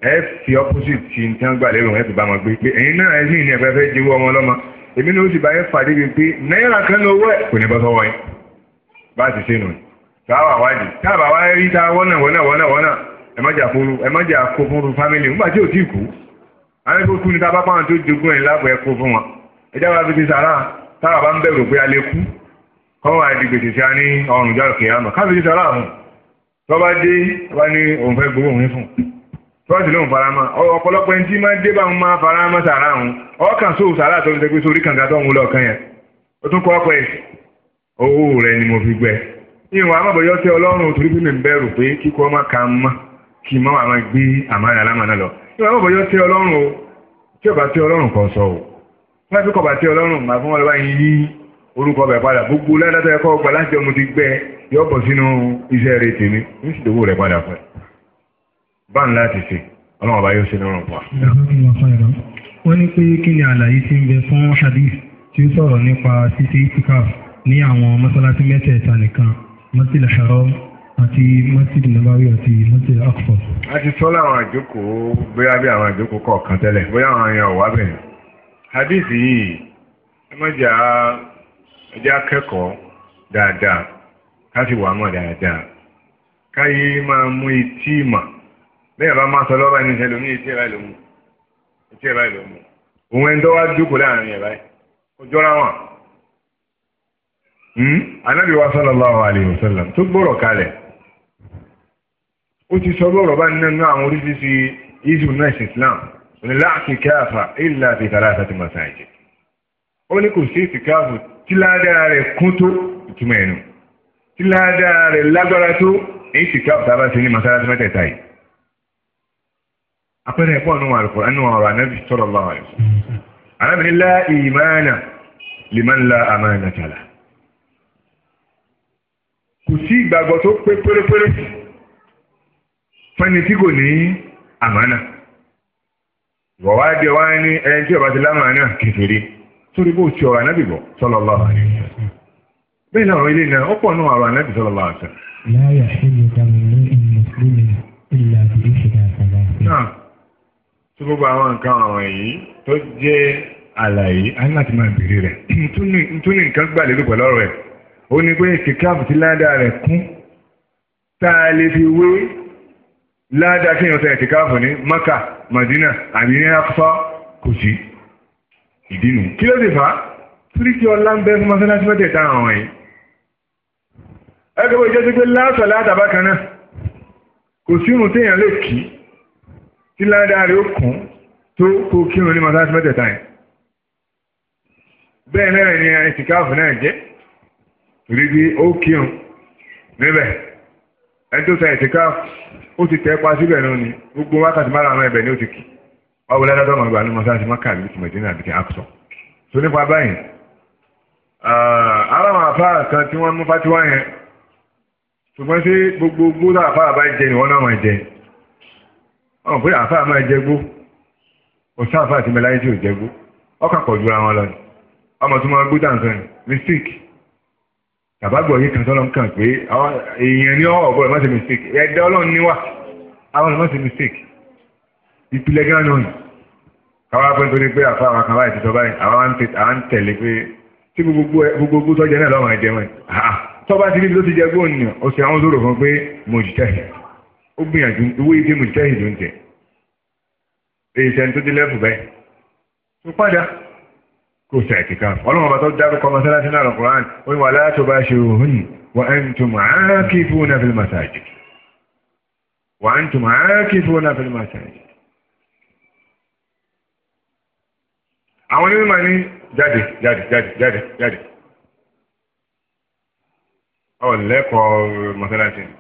Speaker 2: ẹ opposite ti ní tí wọn gbà lérò ẹ fi bá wọn gbé pé ọmọ àwọn ẹgbẹ́ kú ni tábà pàwọn tó jogún ẹ̀ lábọ̀ ẹ̀ kó fún wọn ẹjọ́ wa fi ti sàrà táwa bá ń bẹ̀rù pé a lè kú kọ́ wa di gbèsè sí a ní ọrùn ìjọ òkè àmọ́ káfí ti sàrà àwọn tó bá dé wá ní òun fẹ́ gbowó òun fún tó sì lóun fara mọ́ ọ̀pọ̀lọpọ̀ ẹni tí máa dé bá wọn máa fara mọ́ sàrà àwọn ọkàn sóò sàrà tó fi ṣe pé sórí kàǹkà tó ń wúlọ̀ kan yẹn ó tún kọ́ ọ̀pọ̀ ẹ̀sìn owó rẹ̀ ni mo fi gbẹ ìwọ̀n amábọ̀yọ́ tẹ ọlọ́run torí pé mi ń bẹ̀rù tó ẹwọ́ bọ̀yọ́ tí ọlọ́run o tí ọba tí ọlọ́run kan sọ o wọ́n fi kọba tí ọlọ́run máa fún ọlọ́ba yìí yí orúkọ bẹ̀ padà gbogbo ládàtà ẹ̀kọ́ ọgbà láti ọmọ ti gbẹ yọ bọ̀ sínú iṣẹ́ rẹ tèmi ní sì dòwò rẹ padà fún ẹ bá ń láti ṣe ọlọ́run ọba yóò ṣe lọ́rùn pa.
Speaker 1: wọ́n ní pé kí ni àlàyé ti ń bẹ fún hadith tí ó sọ̀rọ̀ nípa ṣíṣe itikaf ní àwọn mọ́sálásí mẹ́tẹ̀ẹ̀ta nìkan mọ́sílẹ̀ àti mọ́sídì nàbáwí àti mọ́sídì àkùfọ̀.
Speaker 2: a ti sọ láwọn àjókòó bóyá bí àwọn àjókòó kọ̀ọ̀kan tẹ́lẹ̀ bóyá àwọn èèyàn ò wá bẹ̀. hadith yìí ẹ má jà ẹ jẹ́ akẹ́kọ̀ọ́ dáadáa ká sì wà mọ̀ dáadáa káyé máa mú etí mọ̀ bẹ́ẹ̀ bá máa sọ lọ́wọ́ ẹni ṣẹlẹ̀ ní etí ẹ̀rọ ìlòmù etí ẹ̀rọ ìlòmù òun ẹni tó wá jókòó láàrin ẹ̀rọ ọjọ́ ráwọn. anábìwá hmm? sallallahu alaihi wasallam tó gbọ́rọ̀ kalẹ̀ ó ti sọ lọ́rọ̀ bá nínú àwọn oríṣiríṣi islam náà islam láti káàfà ilà àti ìtàláta ti masajid ó ní kò sí ìtìkáàfù tí ládàá rẹ̀ kún tó ìtumọ̀ ẹ̀nu tí ládàá rẹ̀ lágbára tó èyí ìtìkáàfù tá a bá ti ní masalasi mẹ́tẹ̀ẹ̀ta yìí apẹẹrẹ ẹ̀kọ́ nínú àlùkò nínú ọ̀rọ̀ anábì sallallahu alaihi wasallam anábì fẹ́ni tí kò ní àmánà ìwọ̀ wá dé wá ní ẹni tí ọba ti lámàánà kẹfìrí sórí bó ti ọ̀rọ̀ ànábì bọ̀ sallallahu alaihi wasallam bẹ́ẹ̀ náà ilé náà ó pọ̀ náà ọ̀rọ̀ ànábì sallallahu alaihi wasallam. láyà ṣẹlẹ̀ dàmú ní ìmùsùlùmí ìlà àbúrò ṣẹlẹ̀ àtàlà. náà tó gbogbo àwọn nǹkan àwọn èyí tó jẹ́ àlàyé á ní láti máa rẹ̀ ntúni nǹkan gbà lérò pẹ̀lú ọ̀rọ̀ rẹ̀ ó ní pé ládàá kí èèyàn tẹ̀ ẹ̀tì ní Maka Madina àbí ní afọ́ kò sí ìdínú kí ló sì fà á torí kí ọlá ń bẹ fún mọ́sálásí mẹ́tẹ̀ẹ̀ta àwọn yìí ẹgbẹ́ ìjọ sí pé láàtọ̀ látàbá kan náà kò sí irun téèyàn lè kí tí ládàá rẹ̀ ó kún tó kó kírun ní mọ́sálásí mẹ́tẹ̀ẹ̀ta yẹn bẹ́ẹ̀ náà ni ẹ̀tì káàfù náà jẹ́ torí pé ó kírun níbẹ̀ ẹjọ́ sẹ́yìn ti ká ó ti tẹ́ pa síbẹ̀ náà ni gbogbo wákàtí máa ràn án ẹ̀bẹ̀ ni ó ti kì ọ̀wọ́ lẹ́dọ̀dọ̀ ọmọ ìgbà ni mọ́sáàsì má kàbí ti mẹ̀dínà àbí ti àkùsọ̀ tó nípa báyìí ara àwọn àfáà kan tí wọ́n mú fátíwá yẹn ṣùgbọ́n sí gbogbo gbódà àfáà bá jẹ ìwọ́n náà máa jẹ wọn pé àfáà máa jẹ gbó kò sáfáà ti mẹ́láyé tí ò jẹ gbó ọkà pọ̀ ju ara wọn lọ ni àbágbọ̀ yìí kan tọ́lọ́ kàn pé èèyàn ní ọ̀wọ̀ ọ̀bọ̀ ìmọ̀sẹ̀ mistake ẹ̀dá ọlọ́run níwà àwọn ìmọ̀sẹ̀ mistake ìpìlẹ̀ gan náà káwá pẹ́ nítorí pé àfa àwọn kan báyìí ti sọ báyìí àwọn ń tẹ̀lé pé tí gbogbo tọ́jà náà lọ́wọ́ ẹ̀jẹ̀ wọn tọ́ba ti níbi tó ti jẹ góònù ó sì àwọn sọ̀rọ̀ fún pé mojitahi ó gbìyànjú owó ìdí mojitahi ló ń jẹ èyí sẹ́ni tó dé lẹ́fù báyìí tó padà kó ṣe àkíká ọlọ́run ọba tó dárúkọ mọ́sálásí náà lọ́kùnrin ó ní wala tubashiruhunna wa antum aakifuna fil masajid wa antum aakifuna fil masajid. àwọn onímọ̀ ní jáde jáde jáde jáde jáde ọ̀ lẹ́kọ̀ọ́ mọ́sálásí ni.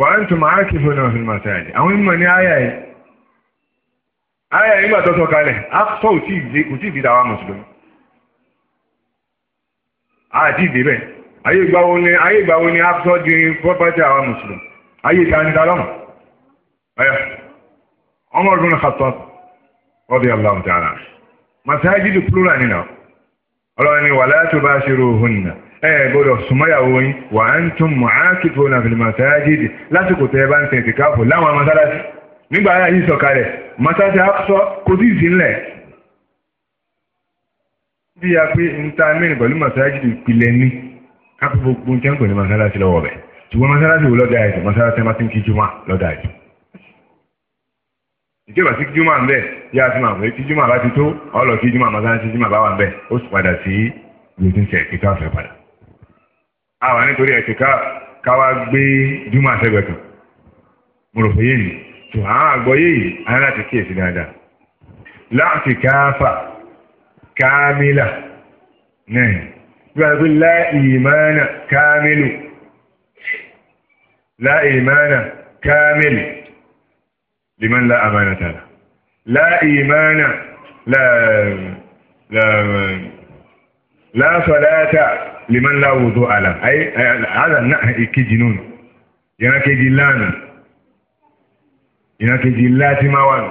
Speaker 2: wà ń tún máa kí fún ọ̀nà ìfìmọ̀sáàdì àwọn ìmọ̀ ní àyà ayé nígbà tó sọ kalẹ̀ afọ ò tí ì kò tí ì di dáwà mùsùlùmí àti ìdè bẹ́ẹ̀ ayé ìgbà wo ni ayé ìgbà wo ni afọ di pọ́pátì àwa mùsùlùmí ayé ìta ni dáwà ọ̀yà ọmọ ọdún Khattab ọdí aláwọ̀ tí a rà masájídù plural nínú ọlọ́run ni wala tubashiruhunna ẹ gbọ́dọ̀ súnmọ́yàwó yín wa antum mu'akifuna fil masajid lásìkò tẹ́ bá ń tẹ̀ tìkáàfù nígbà ayé yìí sọ̀kalẹ̀ masasi akṣọ kò sí ìsínlẹ̀ bí a pé níta mẹ́rin pẹ̀lú masasi ìpìlẹ̀ ní kápẹ́ gbogbo nǹkan pẹ̀lú masalasi lọ́wọ́ bẹ̀ ṣùgbọ́n masalasi wo lọ́dà ẹ̀sìn masalasi máa ti ń kí jùmọ̀ lọ́dà ẹ̀sìn. ìjọba sí jùmọ̀ ń bẹ̀ yá sí máa wẹ̀ kí jùmọ̀ bá ti tó ọlọ́ kí jùmọ̀ masalasi jùmọ̀ bá wà ń bẹ̀ ó sì padà sí gbèsè mo rò fẹ́ yé nìyí ṣùgbọ́n àgbọ́yé yìí a ní láti kíyèsí dáadáa láti káfà kámílà náà bí wọ́n fi láìmánà kámílù láìmánà kámílù liman láàmánà tààrà láìmánà láàfàlátà liman láwùzọ́ àlà ayé àlà náà ìkejì nínú yẹn kéjì lánàá ìran kejì ńlá tí máa wà nù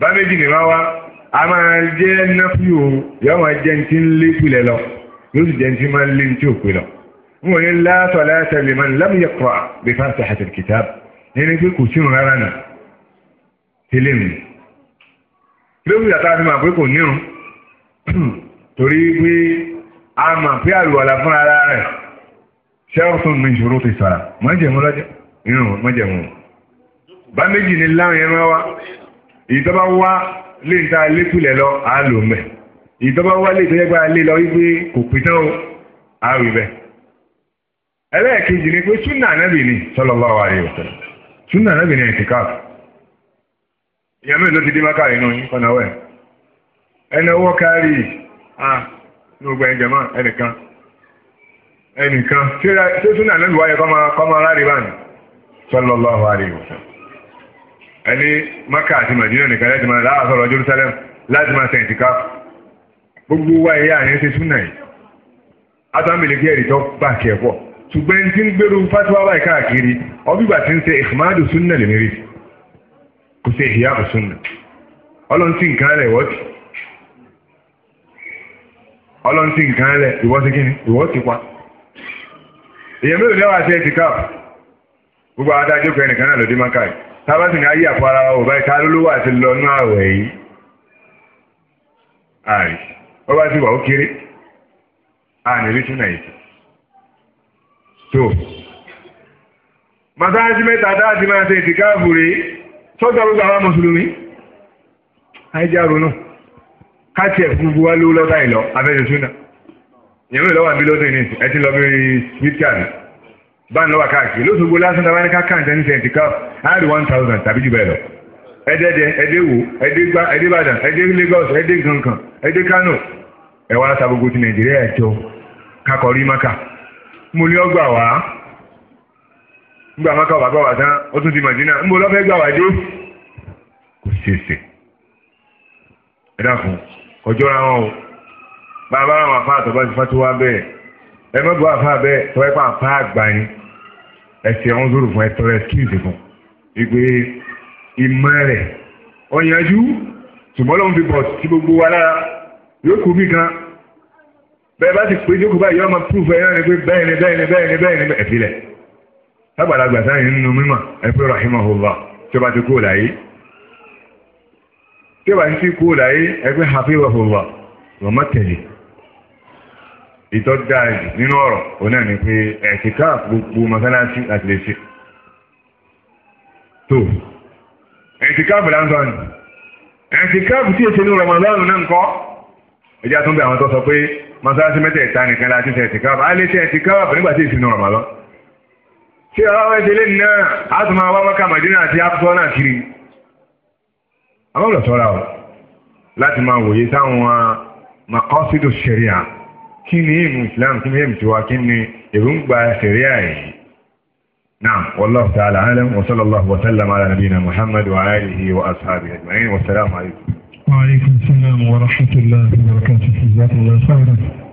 Speaker 2: bá méjì ní máa wá a máa jẹ́ náfíù òun yóò máa jẹ́ ní ti ń lé pilẹ̀ lọ yóò sì jẹ́ ní ti máa ń lé ní ti òpin lọ n wòye la salata liman lam yaqra' bi fatihatil kitab ẹni pé kò sínú rárá nà tẹ́lẹ̀ mi lóbi àtàwọn fi máa pé kò nírun torí pé a máa pé àlùwàlà fúnra rẹ̀ ṣẹ́wọ́n fún mi ìṣòro ti sọ̀rọ̀ mọ́jẹ̀mú lọ́jọ́ irun mọ́jẹ̀mú. bá méjì ní láwọn ẹran wa ìtọ́ba wá lè ta lékulẹ̀ lọ á lò mẹ́ ìtọ́ba wá lè gba lé lọ wípé kò pé tán o bẹ́ẹ̀. ẹlẹ́ẹ̀kejì ni pé súnà ànábì ni sallallahu alaihi wasallam súnà ni ẹ̀tìkáàfù ìyẹn mẹ́rin ló ti dé mákàrí nù yín kọ́nà wẹ̀ ẹni ọwọ́ kárí ah ní gbogbo ẹ̀jẹ̀ mọ́ ẹnìkan ẹnìkan tí ẹni maka àti madina nìkan láti máa jerusalem láti máa gbogbo wa ẹ̀yà àyẹ̀ ṣe súnà yìí atamele ẹ̀rí tó bá kẹ̀ pọ̀ ṣùgbọ́n tí ń gbèrú fatiwa káàkiri ọbígbà tí ń ṣe ìfúnmáàdù súnà lè mérí kò ṣe ìyá kò súnà nǹkan ìwọ́tì pa mélòó gbogbo tábàtì ní ayé àpárá ọba ìta lólówó àti lọ́nú àwẹ̀ yìí àì ọba ti wà ó kéré àníbi tún náà ètò tó màtáàtì mẹ́ta dáàtì máa ṣe ìtìkáàfù rèé sọ́jọ́ gbogbo àwọn mùsùlùmí àìjà ronú káàtì ẹ̀ gbogbo wa lówó lọ́tà ìlọ abẹ́jọ́sùn náà ìyẹn mélòó wà bí lóde ní ẹ ti lọ bí sweet card. bá lọ wà káàkiri lóṣogbo lásán tàbí ní káàkiri ten cent cup áàrí one thousand tàbí jù bẹ́ẹ̀ lọ ẹdẹdẹ ẹdẹwò ẹdẹgbá ẹdẹbàdàn Lagos ẹdẹ gankan ẹdẹ Kano ẹ sàgbogbo ti Nàìjíríà jọ maka mo ní ọgbà wá ngbà maka ọba gbà tán ó tún ti Màdínà nbọ gbà wá dé kò ẹ ọjọ́ ra wọn o bàbá ẹ má bọ́ àfa bẹ́ẹ̀ tọ́ ẹ pa àfa àgbà ni ẹ ṣe ọ̀hún sórí fún ẹ tọ́ ẹ kíìsì fún ìgbé ìmọ̀ rẹ̀ ọ̀yànjú ṣùgbọ́n lọ́n fi bọ̀ sí gbogbo wa lára yóò kú bí kan bẹ́ẹ̀ bá ti pé jókòó báyìí ọmọ púrúfù ẹ̀yán ni pé bẹ́ẹ̀ ni bẹ́ẹ̀ ni bẹ́ẹ̀ ni bẹ́ẹ̀ ni bẹ́ẹ̀ filẹ̀ sábàlagbà sáyẹn nínú mímọ̀ ẹ pé rahimahullah tí ó bá ti kúrò láyé tí ó bá ti kúrò láyé ẹ pé hafizahullah lọ́mọ tẹ̀lé ìtọ́ dáa jù nínú ọ̀rọ̀ òun náà ni pé ẹ̀kíkà gbogbo mọ́sálásí àti lè ṣe tó ẹ̀tìkáàbù láńsọ ni ẹ̀tìkáàbù tí èsè ní rọmọlọ́rùn náà ń kọ́ ẹjá tún bí àwọn tó sọ pé mọ́sáàsì mẹ́tẹ̀ẹ̀ta nìkan láti ṣe ẹ̀tìkáàbù á lè ṣe ẹ̀tìkáàbù nígbà tí èsè ní rọmọlọ́ tí àwọn ẹ̀tẹ̀lẹ́ náà á tún máa wá mọ́kà màdínà àti kí ni èèmù islam kí ni èèmù نعم والله تعالى عالم وصلى الله وسلم على نبينا محمد وآله وأصحابه أجمعين والسلام عليكم
Speaker 1: وعليكم السلام ورحمة الله وبركاته جزاكم الله خيرا